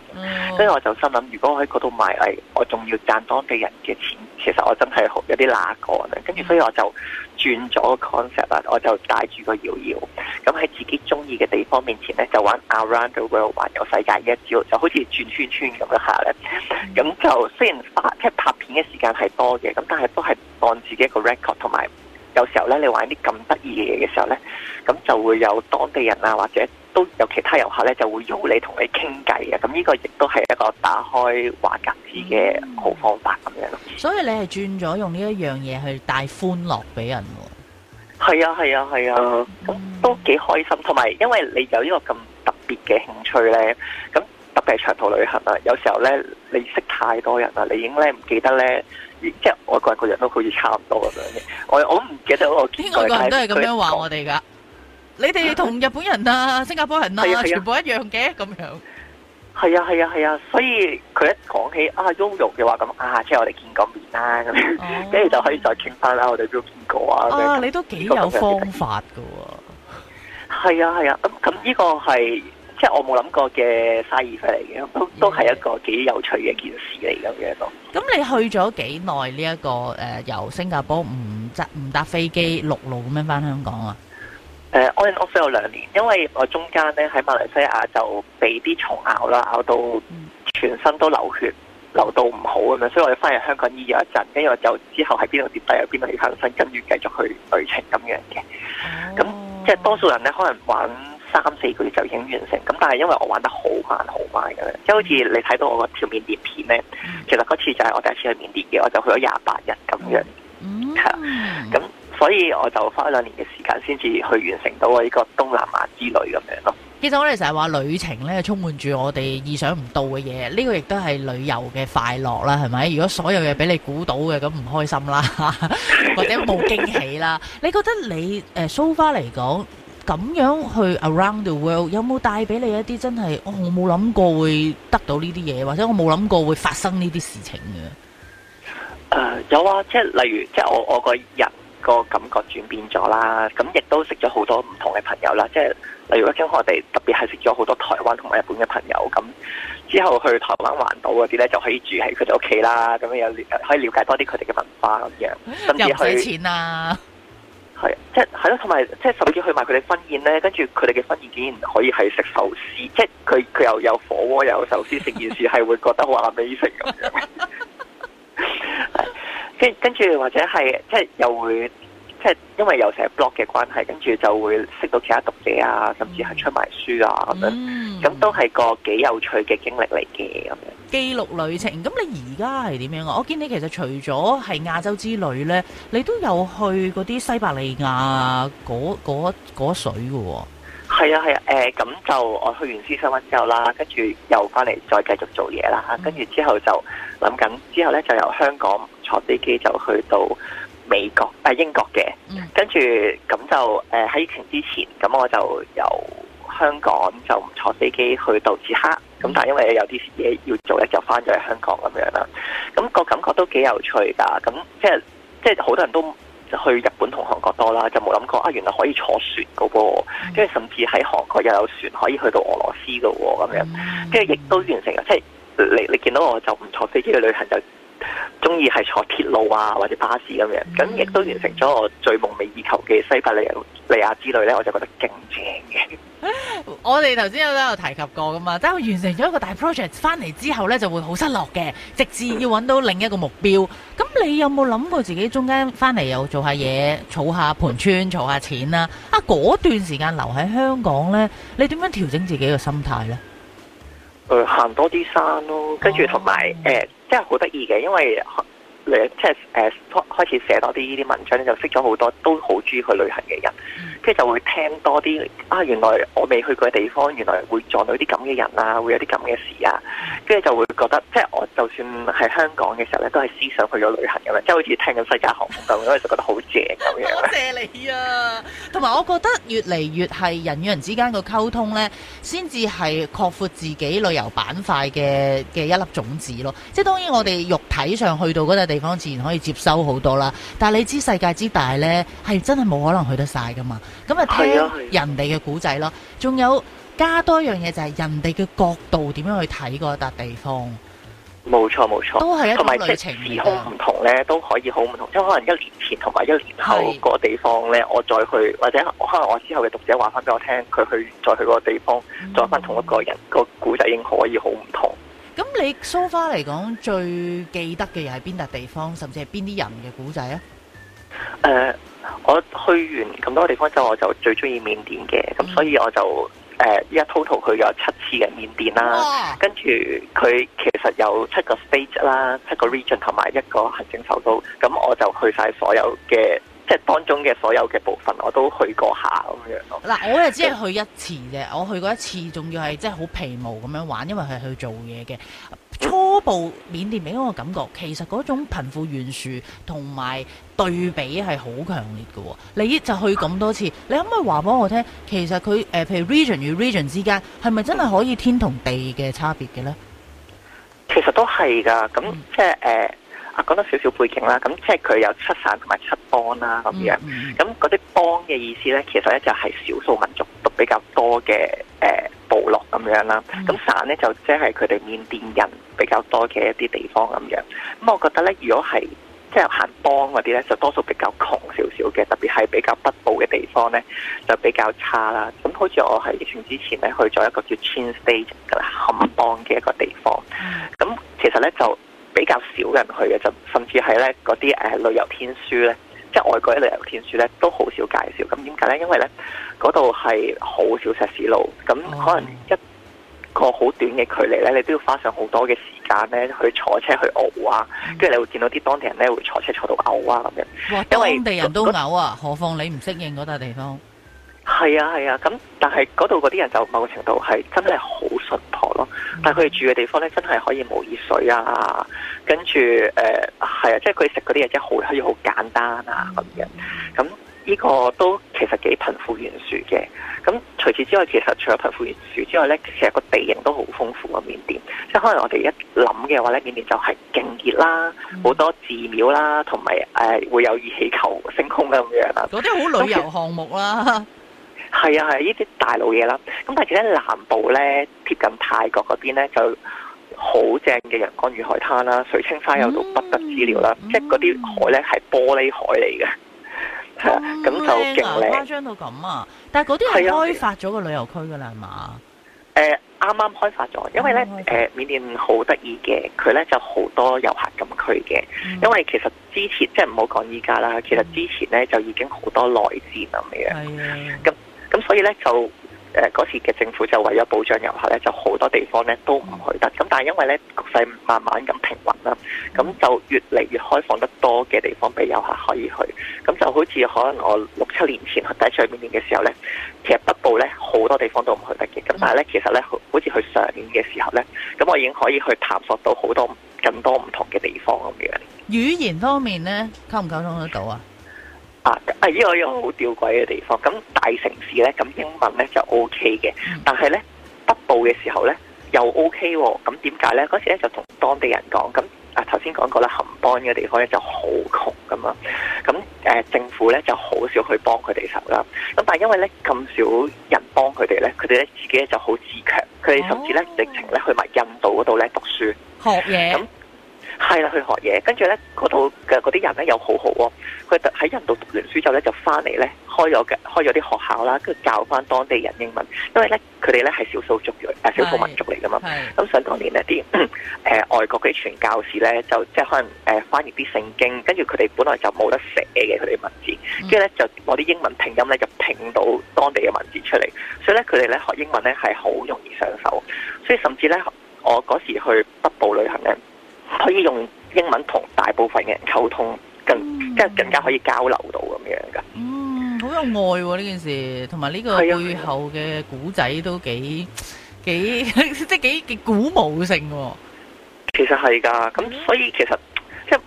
跟住、mm hmm. 我就心諗，如果我喺嗰度賣藝，我仲要賺當地人嘅錢，其實我真係好有啲乸過咧。跟住所以我就。Mm hmm. 轉咗個 concept，我就帶住個搖搖，咁喺自己中意嘅地方面前咧，就玩 around the world 環遊世界一招，就好似轉圈圈咁一下咧，咁就雖然拍即係拍片嘅時間係多嘅，咁但係都係按自己一個 record 同埋。有時候咧，你玩啲咁得意嘅嘢嘅時候咧，咁就會有當地人啊，或者都有其他遊客咧，就會邀你同你傾偈嘅。咁呢個亦都係一個打開話匣子嘅好方法咁樣、嗯。所以你係轉咗用呢一樣嘢去帶歡樂俾人喎。係啊，係啊，係啊，咁、啊啊嗯、都幾開心。同埋因為你有呢個咁特別嘅興趣咧，咁特別係長途旅行啊，有時候咧你識太多人啦，你已經咧唔記得咧。即係外國人都好似差唔多咁樣嘅，我我唔記得我見外國人都係咁樣話我哋噶。你哋同日本人啊、新加坡人啊，啊啊全部一樣嘅咁樣。係啊係啊係啊，啊，所以佢一講起阿啊庸 o 嘅話咁啊，即係我哋見過面啦，啊，咁跟住就可以再傾翻啦。我哋都見過啊。啊，你都幾有方法噶。係啊係啊，咁咁呢個係。即係我冇諗過嘅生意費嚟嘅，都都係一個幾有趣嘅一件事嚟咁樣囉。咁 Yeah. 你去咗幾耐呢一個誒、呃，由新加坡唔搭唔搭飛機陸路咁樣翻香港啊？誒，我 on and off 有兩年，因為我中間咧喺馬來西亞就被啲蟲咬啦，咬到全身都流血，流到唔好咁樣，mm. 所以我哋翻入香港醫咗一陣，跟住我走之後喺邊度跌低，喺邊度起翻身，跟住繼續去旅程咁樣嘅。咁、oh. 即係多數人咧可能玩。三四個月就已經完成，咁但係因為我玩得好慢好慢嘅，即係好似你睇到我個條緬甸片咧，其實嗰次就係我第一次去緬甸嘅，我就去咗廿八日咁樣，吓、嗯，咁 所以我就花兩年嘅時間先至去完成到我呢個東南亞之旅咁樣咯。其實我哋成日話旅程咧充滿住我哋意想唔到嘅嘢，呢、這個亦都係旅遊嘅快樂啦，係咪？如果所有嘢俾你估到嘅，咁唔開心啦， 或者冇驚喜啦？ 你覺得你誒，so far 嚟講？So 咁樣去 around the world，有冇帶俾你一啲真係、哦、我冇諗過會得到呢啲嘢，或者我冇諗過會發生呢啲事情嘅？誒，uh, 有啊，即係例如，即係我我個人個感覺轉變咗啦，咁亦都識咗好多唔同嘅朋友啦。即係例如，北京我哋特別係識咗好多台灣同埋日本嘅朋友。咁之後去台灣環島嗰啲咧，就可以住喺佢哋屋企啦。咁樣又可以了解多啲佢哋嘅文化咁樣，甚至去。係，即係咯，同埋即係甚至去埋佢哋婚宴咧，跟住佢哋嘅婚宴竟然可以係食壽司，即係佢佢又有火鍋又有壽司，成件事係會覺得好 amazing 咁樣。係跟跟住或者係即係又會。即係因為有成日 blog 嘅關係，跟住就會識到其他讀者啊，甚至係出埋書啊咁、嗯、樣，咁都係個幾有趣嘅經歷嚟嘅，咁樣記錄旅程。咁你而家係點樣啊？我見你其實除咗係亞洲之旅咧，你都有去嗰啲西伯利亞嗰、嗯、水嘅。係啊係啊，誒、啊、咁、啊呃、就我去完斯里蘭之後啦，跟住又翻嚟再繼續做嘢啦，跟住、嗯、之後就諗緊之後咧，就由香港坐飛機就去到美國啊，英國嘅，跟住咁就誒喺、呃、疫情之前咁我就由香港就唔坐飛機去到捷克，咁但因為有啲嘢要做咧，就翻咗去香港咁樣啦。咁、那個感覺都幾有趣㗎，咁即係即係好多人都去日本同韓國多啦，就冇諗過啊，原來可以坐船嘅喎。跟住、mm hmm. 甚至喺韓國又有船可以去到俄羅斯嘅喎，咁樣跟住亦都完成嘅。即、就、係、是、你你見到我就唔坐飛機去旅行就。中意係坐鐵路啊，或者巴士咁、啊、樣，咁亦，mm hmm. 都完成咗我最夢寐以求嘅西伯利亞之旅。呢我就覺得勁正嘅。 我哋頭先都有提及過噶嘛，但係完成咗一個大 project 翻嚟之後呢，就會好失落嘅，直至要揾到另一個目標。咁 你有冇諗過自己中間翻嚟又做下嘢，儲下盤村、儲下錢啦、啊？啊，嗰段時間留喺香港呢，你點樣調整自己嘅心態呢？誒、呃，行多啲山咯，跟住同埋誒。Oh. 嗯即係好得意嘅，因為你即係誒、呃、開始寫多啲呢啲文章咧，就識咗好多都好中意去旅行嘅人。Mm hmm. 即係就會聽多啲啊！原來我未去過嘅地方，原來會撞到啲咁嘅人啊，會有啲咁嘅事啊。跟住就會覺得，即係我就算喺香港嘅時候咧，都係思想去咗旅行咁樣，即係好似聽緊世界航空咁，我就覺得好正咁樣。 多謝你啊！同埋，我覺得越嚟越係人與人之間個溝通咧，先至係擴闊自己旅遊板塊嘅嘅一粒種子咯。即係當然，我哋肉體上去到嗰笪地方，自然可以接收好多啦。但係你知世界之大咧，係真係冇可能去得晒噶嘛？咁啊，就聽人哋嘅古仔咯，仲有加多一樣嘢，就係人哋嘅角度點樣去睇嗰笪地方。冇錯，冇錯。都係一種旅程。時空唔同咧，都可以好唔同。即可能一年前同埋一年後個地方咧，我再去或者可能我之後嘅讀者話翻俾我聽，佢去再去嗰個地方，嗯、再翻同一個人個古仔，已經可以好唔同。咁你 so far 嚟講最記得嘅又係邊笪地方，甚至係邊啲人嘅古仔啊？誒、呃。我去完咁多地方之後，我就最中意緬甸嘅，咁、嗯、所以我就誒一 total 去咗七次嘅緬甸啦。啊、跟住佢其實有七個 state 啦，七個 region 同埋一個行政首都。咁我就去晒所有嘅，即係當中嘅所有嘅部分，我都去過下咁樣咯。嗱，我又只係去一次啫，嗯、我去過一次，仲要係即係好皮毛咁樣玩，因為係去做嘢嘅。初步緬甸俾我感覺，其實嗰種貧富懸殊同埋對比係好強烈嘅、哦。你就去咁多次，你可唔可以話俾我聽，其實佢誒，譬、呃、如 region 與 region 之間，係咪真係可以天同地嘅差別嘅呢？其實都係噶，咁即係誒。嗯。呃講多少少背景啦，咁即係佢有七省同埋七邦啦咁樣，咁嗰啲邦嘅意思咧，其實咧就係少數民族都比較多嘅誒、呃、部落咁樣啦。咁、mm hmm. 省咧就即係佢哋緬甸人比較多嘅一啲地方咁樣。咁我覺得咧，如果係即係行邦嗰啲咧，就多數比較窮少少嘅，特別係比較北部嘅地方咧，就比較差啦。咁好似我喺疫情之前咧，去咗一個叫 Chin State 嘅欽邦嘅一個地方，咁其實咧就，比較少人去嘅就，甚至係咧嗰啲誒旅遊天書咧，即係外國啲旅遊天書咧，都好少介紹。咁點解咧？因為咧嗰度係好少石屎路，咁可能一個好短嘅距離咧，你都要花上好多嘅時間咧去坐車去熬啊。跟住、嗯、你會見到啲當地人咧會坐車坐到嘔啊咁樣，因為當地人都嘔啊，那何況你唔適應嗰笪地方。係啊，係啊，咁但係嗰度嗰啲人就某程度係真係好淳樸咯。但係佢哋住嘅地方咧，真係可以冇熱水啊。跟住誒，係、呃、啊，即係佢食嗰啲嘢真係好可以好簡單啊咁樣。咁、嗯、呢、嗯、個都其實幾貧富懸殊嘅。咁除此之外，其實除咗貧富懸殊之外咧，其實個地形都好豐富啊。緬甸即係可能我哋一諗嘅話咧，緬甸就係勁熱啦，好、嗯、多寺廟啦，同埋誒會有熱氣球升空啊咁樣啊。嗰啲好旅遊項目啦是。 係啊係，呢啲大老嘢啦。咁但係其實南部咧，貼近泰國嗰邊咧，就好正嘅陽光與海灘啦，水清沙幼到不得之了啦，嗯、即係嗰啲海咧係玻璃海嚟嘅。係、嗯、啊，咁 就勁靚。誇張、啊、到咁啊！但係嗰啲係開發咗個旅遊區噶啦，係嘛、啊？誒、啊，啱啱、啊、開發咗，因為咧，誒、啊，緬甸好得意嘅，佢咧、呃、就好多遊客禁區嘅。嗯、因為其實之前即係唔好講依家啦，其實之前咧就已經好多內戰咁樣。啊、嗯。咁。 所以咧就誒嗰、呃、時嘅政府就為咗保障遊客咧，就好多地方咧都唔去得。咁、嗯、但係因為咧局勢慢慢咁平穩啦，咁、嗯、就越嚟越開放得多嘅地方俾遊客可以去。咁就好似可能我六七年前去第一次緬甸嘅時候咧，其實北部咧好多地方都唔去得嘅。咁、嗯、但係咧其實咧好似去上年嘅時候咧，咁我已經可以去探索到好多更多唔同嘅地方咁樣。語言方面咧，溝唔溝通得到啊？啊！依、這個又好、這個、吊詭嘅地方。咁大城市咧，咁英文咧就 O K 嘅。但係咧北部嘅時候咧又 O K 喎。咁點解咧？嗰時咧就同當地人講。咁啊頭先講過啦，恒邦嘅地方咧就好窮㗎嘛。咁誒、呃、政府咧就好少去幫佢哋手啦。咁但係因為咧咁少人幫佢哋咧，佢哋咧自己咧就好自強。佢哋甚至咧疫情咧去埋印度嗰度咧讀書學嘢習。嗯係啦，去學嘢，跟住咧嗰度嘅嗰啲人咧又好好喎。佢喺、哦、印度讀完書之後咧，就翻嚟咧開咗嘅，開咗啲學校啦，跟住教翻當地人英文。因為咧佢哋咧係少數族裔啊，少、呃、數民族嚟噶嘛。咁想的、嗯、當年呢啲誒、呃、外國嘅傳教士咧，就即係可能誒、呃、翻譯啲聖經，跟住佢哋本來就冇得寫嘅佢哋文字，跟住咧就攞啲英文拼音咧就拼到當地嘅文字出嚟。所以咧佢哋咧學英文咧係好容易上手。所以甚至咧我嗰時去北部旅行咧，可以用英文同大部分嘅人溝通，更，嗯、更即係更加可以交流到咁樣㗎。嗯，好有愛喎、啊、呢件事，同埋呢個背後嘅的故仔都幾幾即係幾幾鼓舞性。哦、其實係㗎，咁、嗯、所以其實即係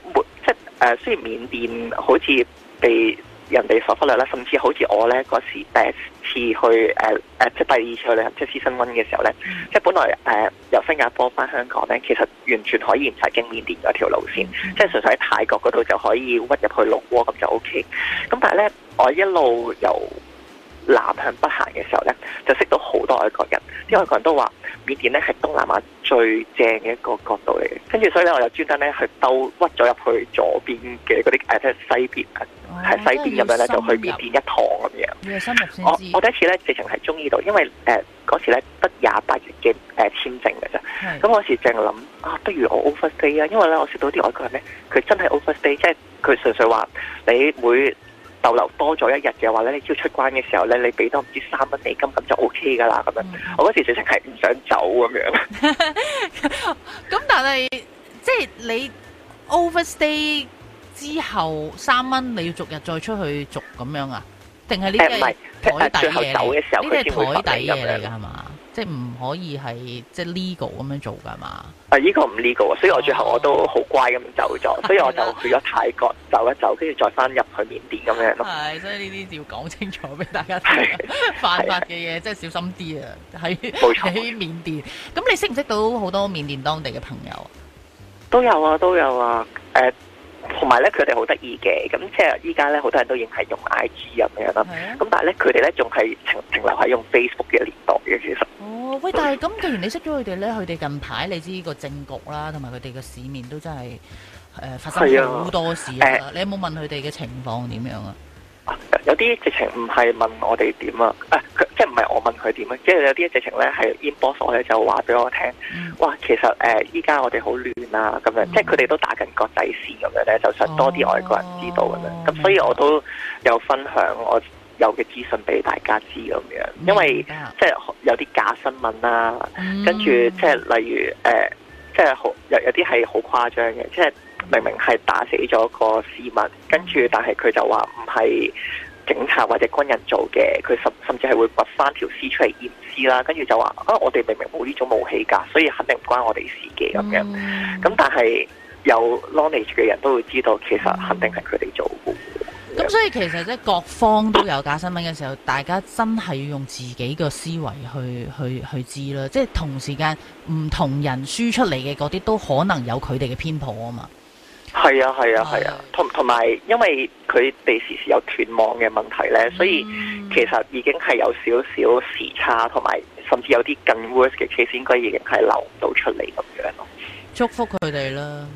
即係誒、呃，雖然緬甸好似被人哋所忽略啦，甚至好似我咧嗰時第一次去誒誒、呃，即係第二次去咧，即係斯芬温嘅時候咧，mm hmm. 即係本來誒、呃、由新加坡翻香港咧，其實完全可以唔使經緬甸嗰條路線，mm hmm. 即係純粹喺泰國嗰度就可以屈入去老撾咁就 O、OK、K。咁但係咧，我一路由南向北行嘅時候咧，就識到好多外國人，啲外國人都話。緬甸咧係東南亞最正嘅一個角度嚟嘅。跟住所以咧，我就專登咧去兜屈咗入去左邊嘅嗰啲誒，即係西邊啊，係、哎、呀西邊咁樣咧，就去緬甸一趟咁樣。我我第一次咧直情係中意到，因為誒嗰時咧得廿八日嘅誒簽證嘅啫，咁的我嗰時淨係諗啊，不如我 overstay 啊，因為咧我識到啲外國人咧，佢真係 overstay，即係佢純粹話你每……」逗留多咗一日嘅話咧，你只要出關嘅時候咧，你俾多唔知三蚊美金咁就 O K 㗎喇。咁樣，嗯、我嗰時其實係唔想走咁樣。咁 但係即係你 overstay 之後三蚊，你要逐日再出去續咁樣啊？定係呢啲係唔係台底嘢嚟？呢啲係台底嘢嚟㗎係嘛？即係唔可以係即係 legal 咁樣做噶嘛？啊，呢個唔 legal，所以我最後我都好乖咁走咗，oh. 所以我就去咗泰國走一走，跟住再翻入去緬甸咁樣咯。係， 所以呢啲要講清楚俾大家聽， 犯法嘅嘢 即係小心啲啊！喺冇錯喺緬甸，咁你識唔識到好多緬甸當地嘅朋友啊？都有啊，都有啊，誒、欸。同埋咧，佢哋好得意嘅，咁即係依家咧，好多人都仍係用 IG 咁樣啦。咁但係咧，佢哋咧仲係停停留喺用 Facebook 嘅年代嘅，其實。哦，喂！但係咁，既然你識咗佢哋咧，佢哋近排你知個政局啦，同埋佢哋嘅市面都真係誒、呃、發生好多事啦。啊呃、你有冇問佢哋嘅情況點樣啊？有啲直情唔係問我哋點啊，誒、啊，即係唔係我問佢點啊，即係有啲直情咧係 inbox 咧就話俾我聽，嗯、哇，其實誒，依、呃、家我哋好亂啊，咁樣，嗯、即係佢哋都打緊國際線咁樣咧，就想多啲外國人知道咁樣，咁、哦哦、所以我都有分享我有嘅資訊俾大家知咁樣，因爲、嗯、即係有啲假新聞啦、啊，嗯、跟住即係例如誒、呃，即係好有有啲係好誇張嘅，即係。明明係打死咗個市民，跟住但係佢就話唔係警察或者軍人做嘅，佢甚甚至係會掘返條屍出嚟驗屍啦，跟住就話啊，我哋明明冇呢種武器㗎，所以肯定唔關我哋事嘅咁、嗯、樣。咁但係有 knowledge 嘅人都會知道，其實肯定係佢哋做。咁、嗯、樣所以其實即係，各方都有假新聞嘅時候，大家真係要用自己嘅思維去去去知啦。即係同時間唔同人輸出嚟嘅嗰啲，都可能有佢哋嘅偏頗啊嘛。係啊，係啊，係啊，同同埋，因為佢哋時時有斷網嘅問題咧，嗯、所以其實已經係有少少時差，同埋甚至有啲更 worst 嘅 case，應該已經係流唔到出嚟咁樣咯。祝福佢哋啦。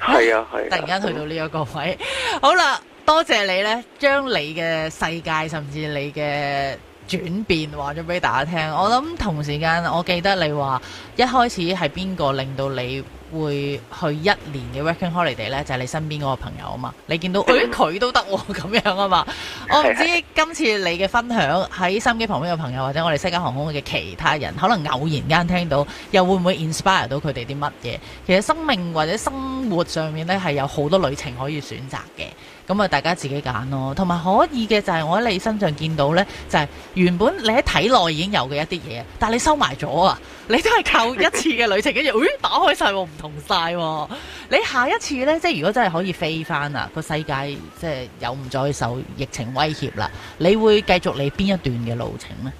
係啊，係、啊。啊、突然間去到呢一個位，嗯、好啦，多謝你咧，將你嘅世界，甚至你嘅轉變，話咗俾大家聽。我諗同時間，我記得你話一開始係邊個令到你？會去一年嘅 working holiday 咧，就係、是、你身邊嗰個朋友啊嘛，你見到誒佢、哎、都得咁、啊、樣啊嘛。我唔知今次你嘅分享喺收音機旁邊嘅朋友，或者我哋西加航空嘅其他人，可能偶然間聽到，又會唔會 inspire 到佢哋啲乜嘢？其實生命或者生活上面咧，係有好多旅程可以選擇嘅，咁啊大家自己揀咯，同埋可以嘅就係我喺你身上見到咧，就係、是、原本你喺體內已經有嘅一啲嘢，但係你收埋咗啊，你都係靠一次嘅旅程，跟、哎、住打開晒同你下一次呢，即係如果真係可以飛翻啦，個世界即係又唔再受疫情威脅啦，你會繼續你邊一段嘅路程呢？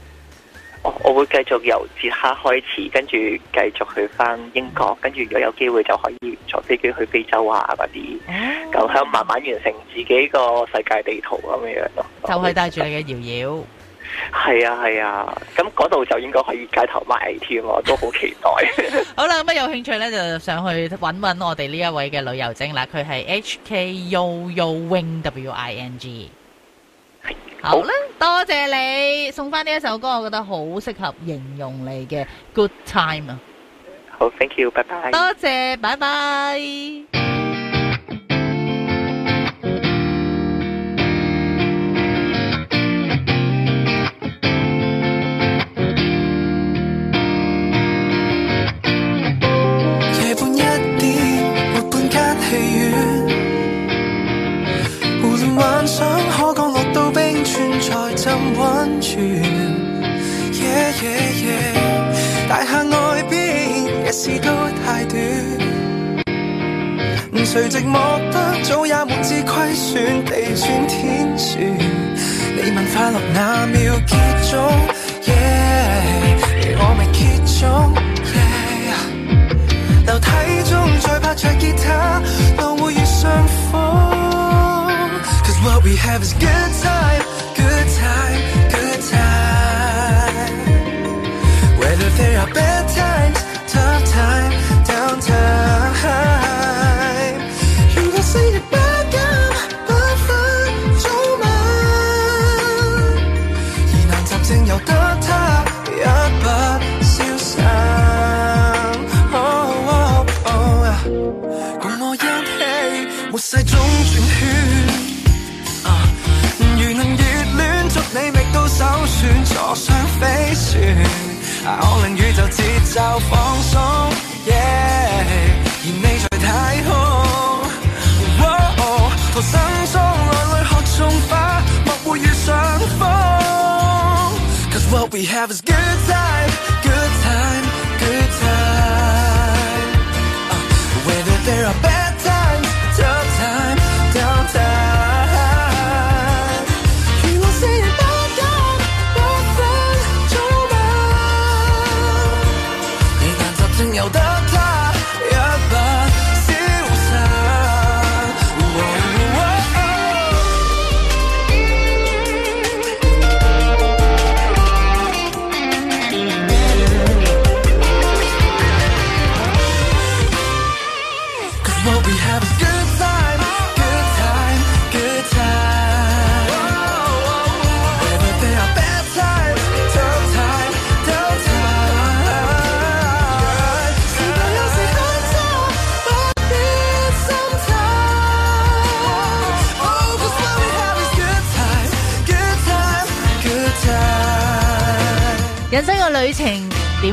我我會繼續由捷克開始，跟住繼續去翻英國，跟住，嗯，如果有機會就可以坐飛機去非洲啊嗰啲，喺度，嗯，慢慢完成自己個世界地圖咁樣咯。就係帶住你嘅瑤瑤。嗯係啊係啊，咁嗰度就應該可以街頭賣添咯，我都好期待。 好啦，咁啊有興趣咧，就上去搵搵我哋呢一位嘅旅遊精啦。佢係 H K U U W I N G。WING。好啦，多謝你送翻呢一首歌，我覺得好適合形容你嘅 Good Time 啊。好，Thank you，拜拜。多謝，拜拜。幻想可降落到冰川再浸温泉，夜夜夜大廈外邊，一時都太短。誰寂寞得早也無知虧損，算地轉天旋，你問快樂那秒結束，yeah，我未結束。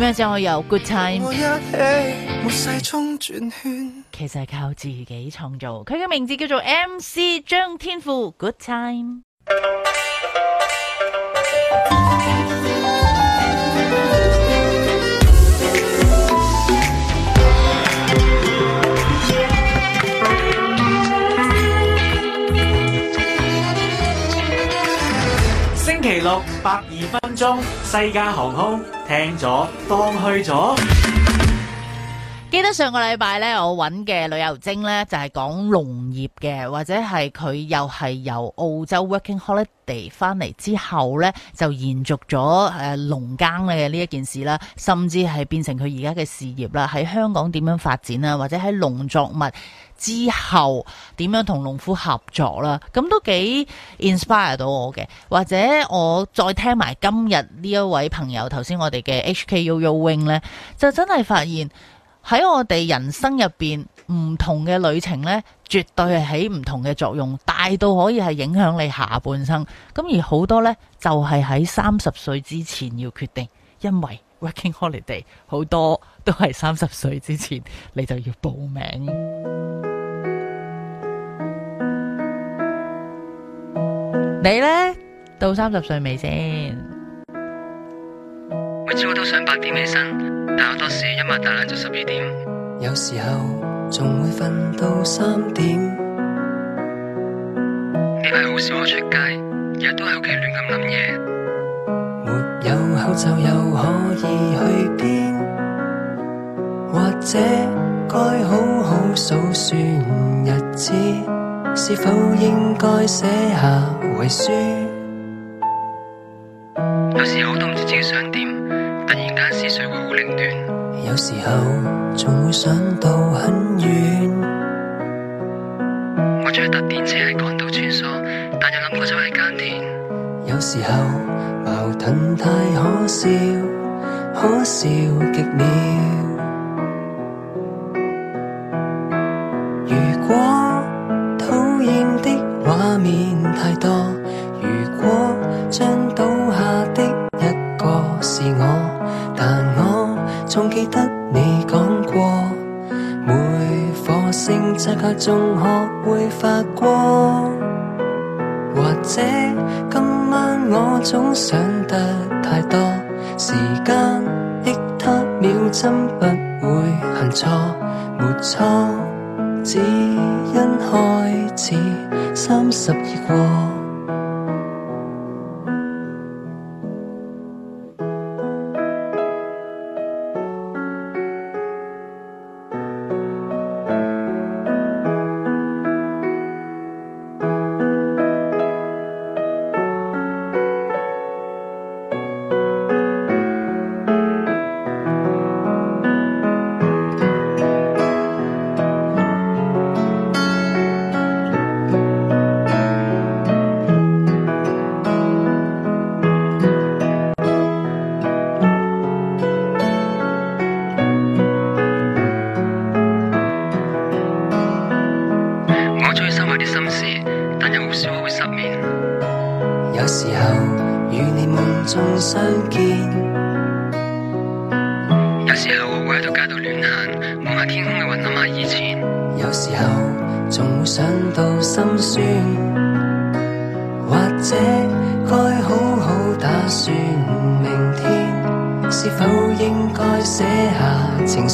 我想去游 Good Time，其實係靠自己創造。佢嘅名字叫做 MC 張天賦 Good Time。星期六八。中西加航空聽咗當去咗。上個禮拜咧，我搵嘅旅遊精咧，就係講農業嘅，或者係佢又係由澳洲 working holiday 翻嚟之後咧，就延續咗誒農耕嘅呢一件事啦。甚至係變成佢而家嘅事業啦，喺香港點樣發展啊？或者喺農作物之後點樣同農夫合作啦？咁都幾 inspire 到我嘅。或者我再聽埋今日呢一位朋友頭先，我哋嘅 HKUU Wing 咧，就真係發現。喺我哋人生入邊唔同嘅旅程呢，絕對係起唔同嘅作用，大到可以係影響你下半生。咁而好多呢，就係喺三十歲之前要決定，因為 working holiday 好多都係三十歲之前，你就要報名。嗯、你呢，到三十歲未先？每次我都想八點起身。但好多時一晚打爛就十二點，有時候仲會瞓到三點。呢排好少出街，日日都喺屋企亂咁諗嘢。沒有口罩又可以去邊？或者該好好數算日子，是否應該寫下遺書？有時候都唔知自己想點。突然間思緒會好凌亂，有時候仲會想到很遠。我最特點似係趕到穿梭，但又諗過就係耕田。有時候矛盾太可笑，可笑極了。如果討厭的畫面太多，如果將仲記得你講過，每顆星漆黑中學會發光。或者今晚我總想得太多，時間逼他秒針不會行錯，沒錯，只因開始三十而過。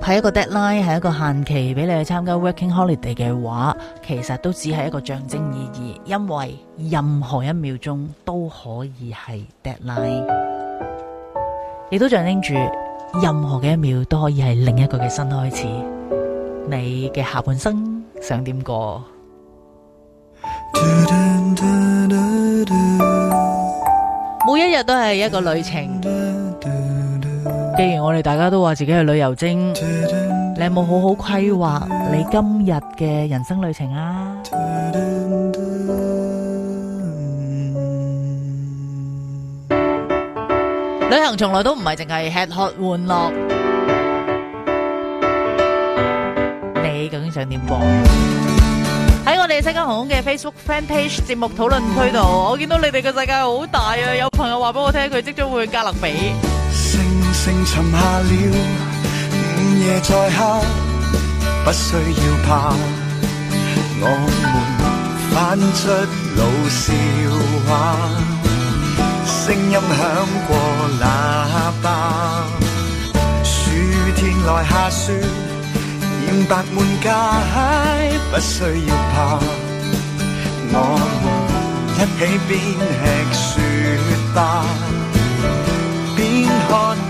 係一個 deadline，係一個限期俾你去參加 working holiday 嘅話，其實都只係一個象徵意義，因為任何一秒鐘都可以係 deadline。亦都象徵住任何嘅一秒都可以係另一個嘅新開始。你嘅下半生想點過？每一日都係一個旅程。既然我哋大家都話自己係旅遊精，你有冇好好規劃你今日嘅人生旅程啊？旅行從來都唔係淨係吃喝玩樂，你究竟想點過？喺我哋西加航空嘅 Facebook Fan Page 節目討論區度，我見到你哋嘅世界好大啊！有朋友話俾我聽，佢即將會去加勒比。星沉下了，午夜再黑，不需要怕，我們翻出老笑話，聲音響過喇叭，暑天來下雪，染白滿街，不需要怕，我們一起邊吃雪吧，邊看。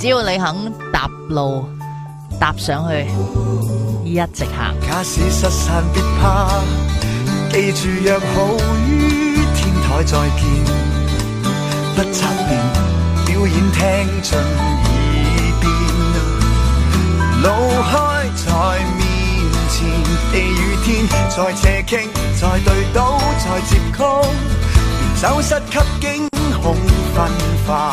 只要你肯踏路，踏上去，一直行。假使失散別怕，記住約好於天台再見。不拆線，表演聽進耳邊。路開在面前，地與天在斜傾，在對倒，在接曲。別走失給驚恐分化。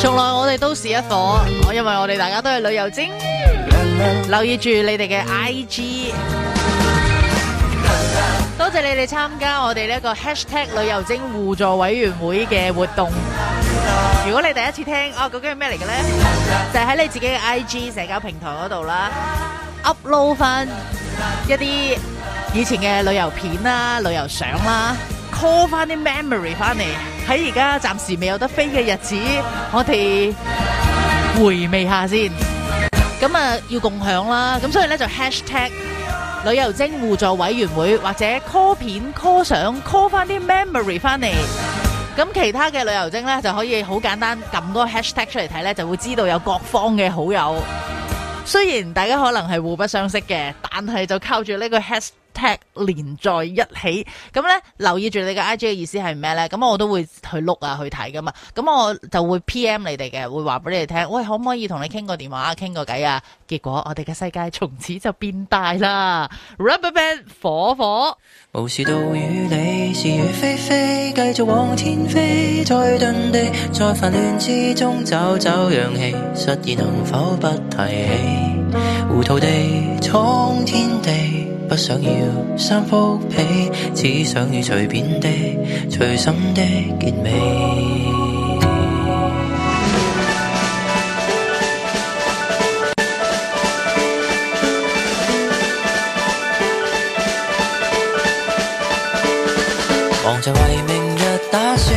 從來我哋都是一伙，因為我哋大家都係旅遊精，留意住你哋嘅 IG，多謝你哋參加我哋呢個 Hashtag 旅遊精互助委員會嘅活動。如果你第一次聽啊，究竟係咩嚟嘅咧？就係喺你自己嘅 IG 社交平台嗰度啦，upload 翻一啲以前嘅旅遊片啦、旅遊相啦，call 翻啲 memory 翻嚟。喺而家暫時未有得飛嘅日子，我哋回味下先。咁啊，要共享啦。咁所以咧就 hashtag 旅遊精互助委員會，或者 call 片、call 相、call 翻啲 memory 翻嚟。咁 其他嘅旅遊精咧就可以好簡單撳嗰個 hashtag 出嚟睇咧，就會知道有各方嘅好友。雖然大家可能係互不相識嘅，但係就靠住呢個 hashtag。連在一起咁咧，留意住你嘅 IG 嘅意思係咩咧？咁我都會去碌啊，去睇噶嘛。咁我就會 PM 你哋嘅，會話俾你哋聽。喂，可唔可以同你傾個電話，傾個偈啊？結果我哋嘅世界從此就變大啦！Rubberband 火火，無事到與你是與非非，繼續往天飛，再遁地，在煩亂之中找找氧氣，失意能否不提起？糊塗地闖天地。不想要三幅被，只想要隨便的、隨心的結尾。忙着 為明日打算，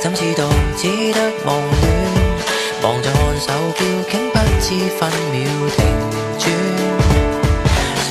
怎知道只得忙亂？忙着看手表，竟不知分秒停。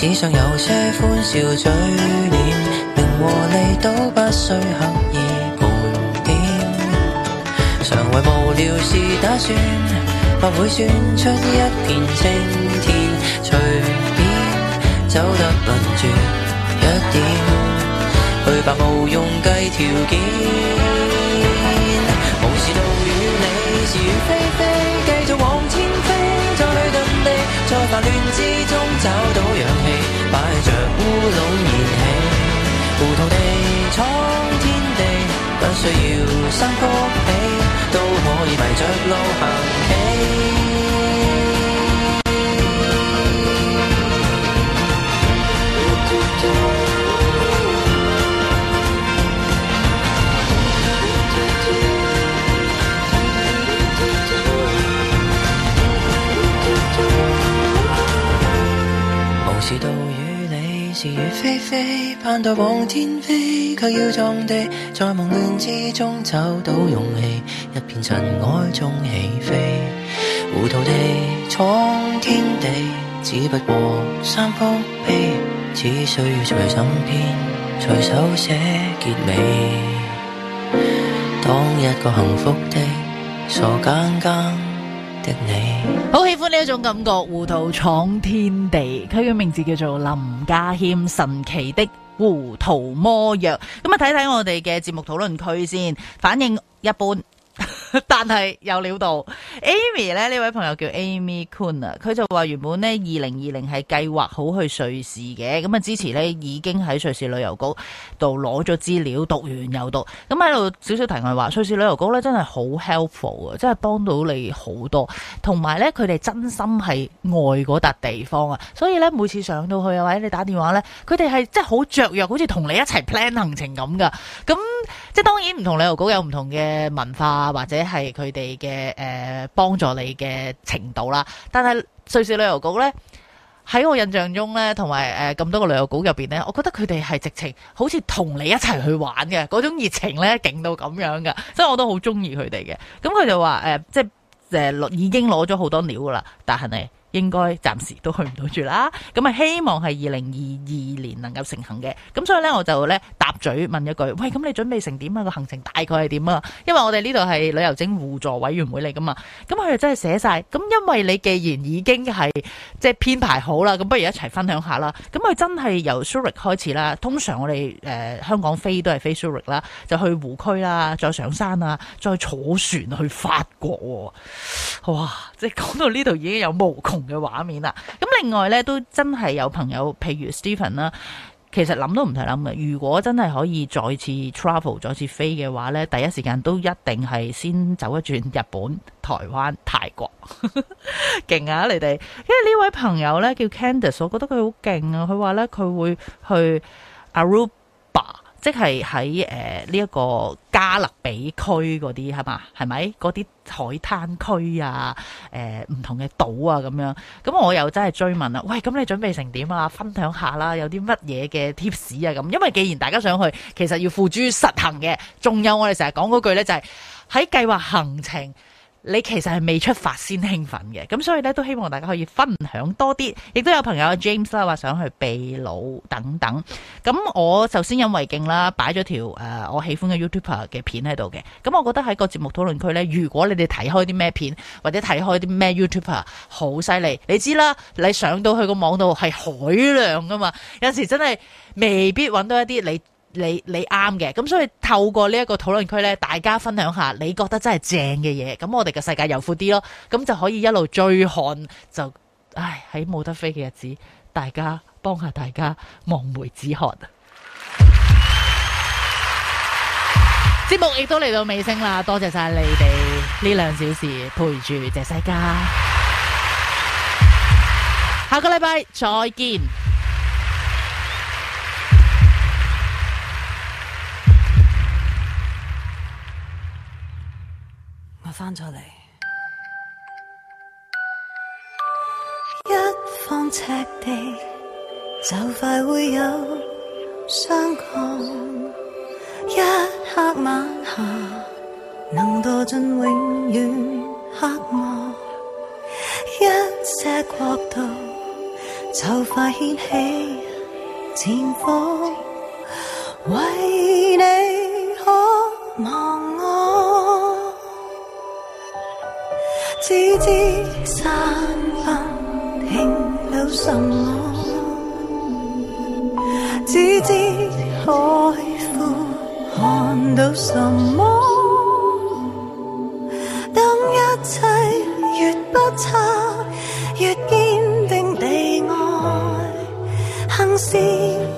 只想有些歡笑嘴臉，名和利都不需刻意盤點。常為無聊事打算，或會算出一片青天。隨便走得輪轉一點，去吧，無用計條件。只要三腳起，都可以迷着路行。飛飛，盼到往天飛，卻要撞地。在夢亂之中找到勇氣，一片塵埃中起飛。糊塗地闖天地，只不過三幅被，只需要隨心編，隨手寫結尾。當一個幸福的傻更更。好喜歡呢一種感覺，糊塗闖天地。佢嘅名字叫做林家謙，神奇的糊塗魔藥。咁啊，睇睇我哋嘅節目討論區先，反應一般。 但係有料到，Amy 咧呢位朋友叫 Amy Koon 啊，佢就話原本呢二零二零係計劃好去瑞士嘅，咁啊之前呢已經喺瑞士旅遊局度攞咗資料，讀完又讀，咁喺度少少題外話，瑞士旅遊局咧真係好 helpful 啊，真係幫到你好多，同埋呢，佢哋真心係愛嗰笪地方啊，所以呢，每次上到去或者你打電話呢，佢哋係即係好雀躍，好似同你一齊 plan 行程咁噶，咁。即係當然唔同旅遊局有唔同嘅文化或者係佢哋嘅誒幫助你嘅程度啦，但係瑞士旅遊局呢，喺我印象中呢，同埋誒咁多個旅遊局入邊呢，我覺得佢哋係直情好似同你一齊去玩嘅嗰種熱情呢，勁到咁樣噶，所以我都好中意佢哋嘅。咁、嗯、佢就話誒、呃，即係誒、呃、已經攞咗好多料啦，但係你。應該暫時都去唔到住啦，咁啊希望係二零二二年能夠成行嘅，咁所以咧我就咧搭嘴問一句，喂，咁你準備成點啊？個行程大概係點啊？因為我哋呢度係旅遊整互助委員會嚟噶嘛，咁佢又真係寫曬，咁因為你既然已經係即係編排好啦，咁不如一齊分享下啦。咁佢真係由蘇黎世開始啦，通常我哋誒、呃、香港飛都係飛蘇黎世啦，就去湖區啦，再上山啊，再坐船去法國，哇！即係講到呢度已經有無窮。嘅畫面啦，咁另外咧都真係有朋友，譬如 Stephen 啦，其實諗都唔使諗嘅。如果真係可以再次 travel、再次飛嘅話咧，第一時間都一定係先走一轉日本、台灣、泰國，勁 啊！你哋，因為呢位朋友咧叫 Candice，我覺得佢好勁啊。佢話咧佢會去 Aruba。即係喺誒，呢一個加勒比區嗰啲係嘛，係咪嗰啲海灘區啊？誒唔、呃、同嘅島啊。咁樣咁我又真係追問啦，喂，咁你準備成點啊？分享下啦，有啲乜嘢嘅 tips 啊？咁因為既然大家想去，其實要付諸實行嘅，仲有我哋成日講嗰句咧就係，是，喺計劃行程。你其實係未出發先興奮嘅，咁所以咧，都希望大家可以分享多啲，亦都有朋友 James 啦話想去秘魯等等。咁我首先因為勁啦，擺咗條誒、呃、我喜歡嘅 YouTuber 嘅片喺度嘅。咁我覺得喺個節目討論區呢，如果你哋睇開啲咩片，或者睇開啲咩 YouTuber 好犀利，你知啦，你上到去個網度係海量㗎嘛，有時真係未必揾到一啲你。你你啱嘅，咁所以透過呢一個討論區呢，大家分享下你覺得真係正嘅嘢，咁我哋嘅世界有闊啲咯，咁就可以一路追看。就，唉，喺冇得飛嘅日子，大家幫下大家望梅止渴啊！ 節目亦都嚟到尾聲啦，多謝晒你哋呢兩小時陪住謝西嘉， 下個禮拜再見。返咗嚟，一方赤地就快會有傷口，一刻晚霞能渡盡永遠黑暗，一些國度就快掀起戰火，為你可忘我。只知山峰聽到什麼，只知海闊看到什麼。當一切越不差，越堅定地愛，行時。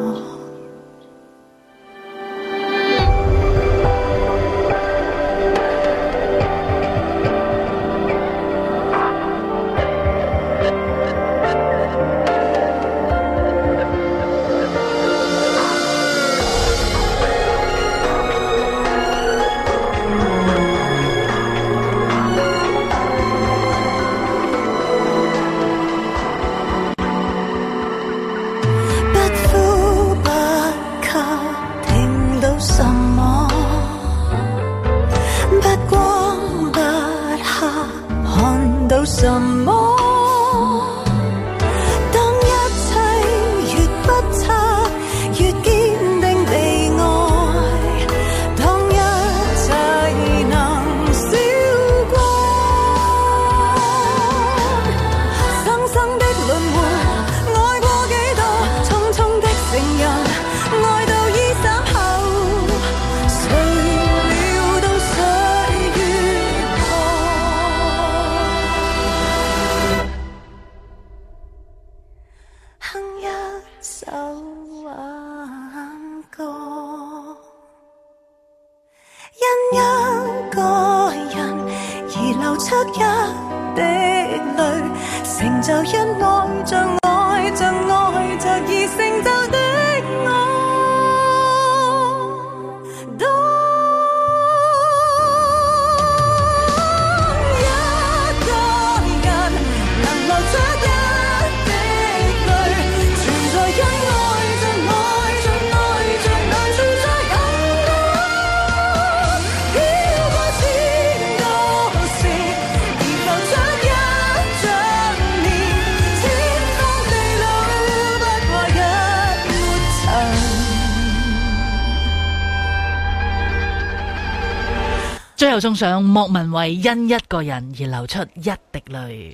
送上莫文蔚因一個人而流出一滴淚。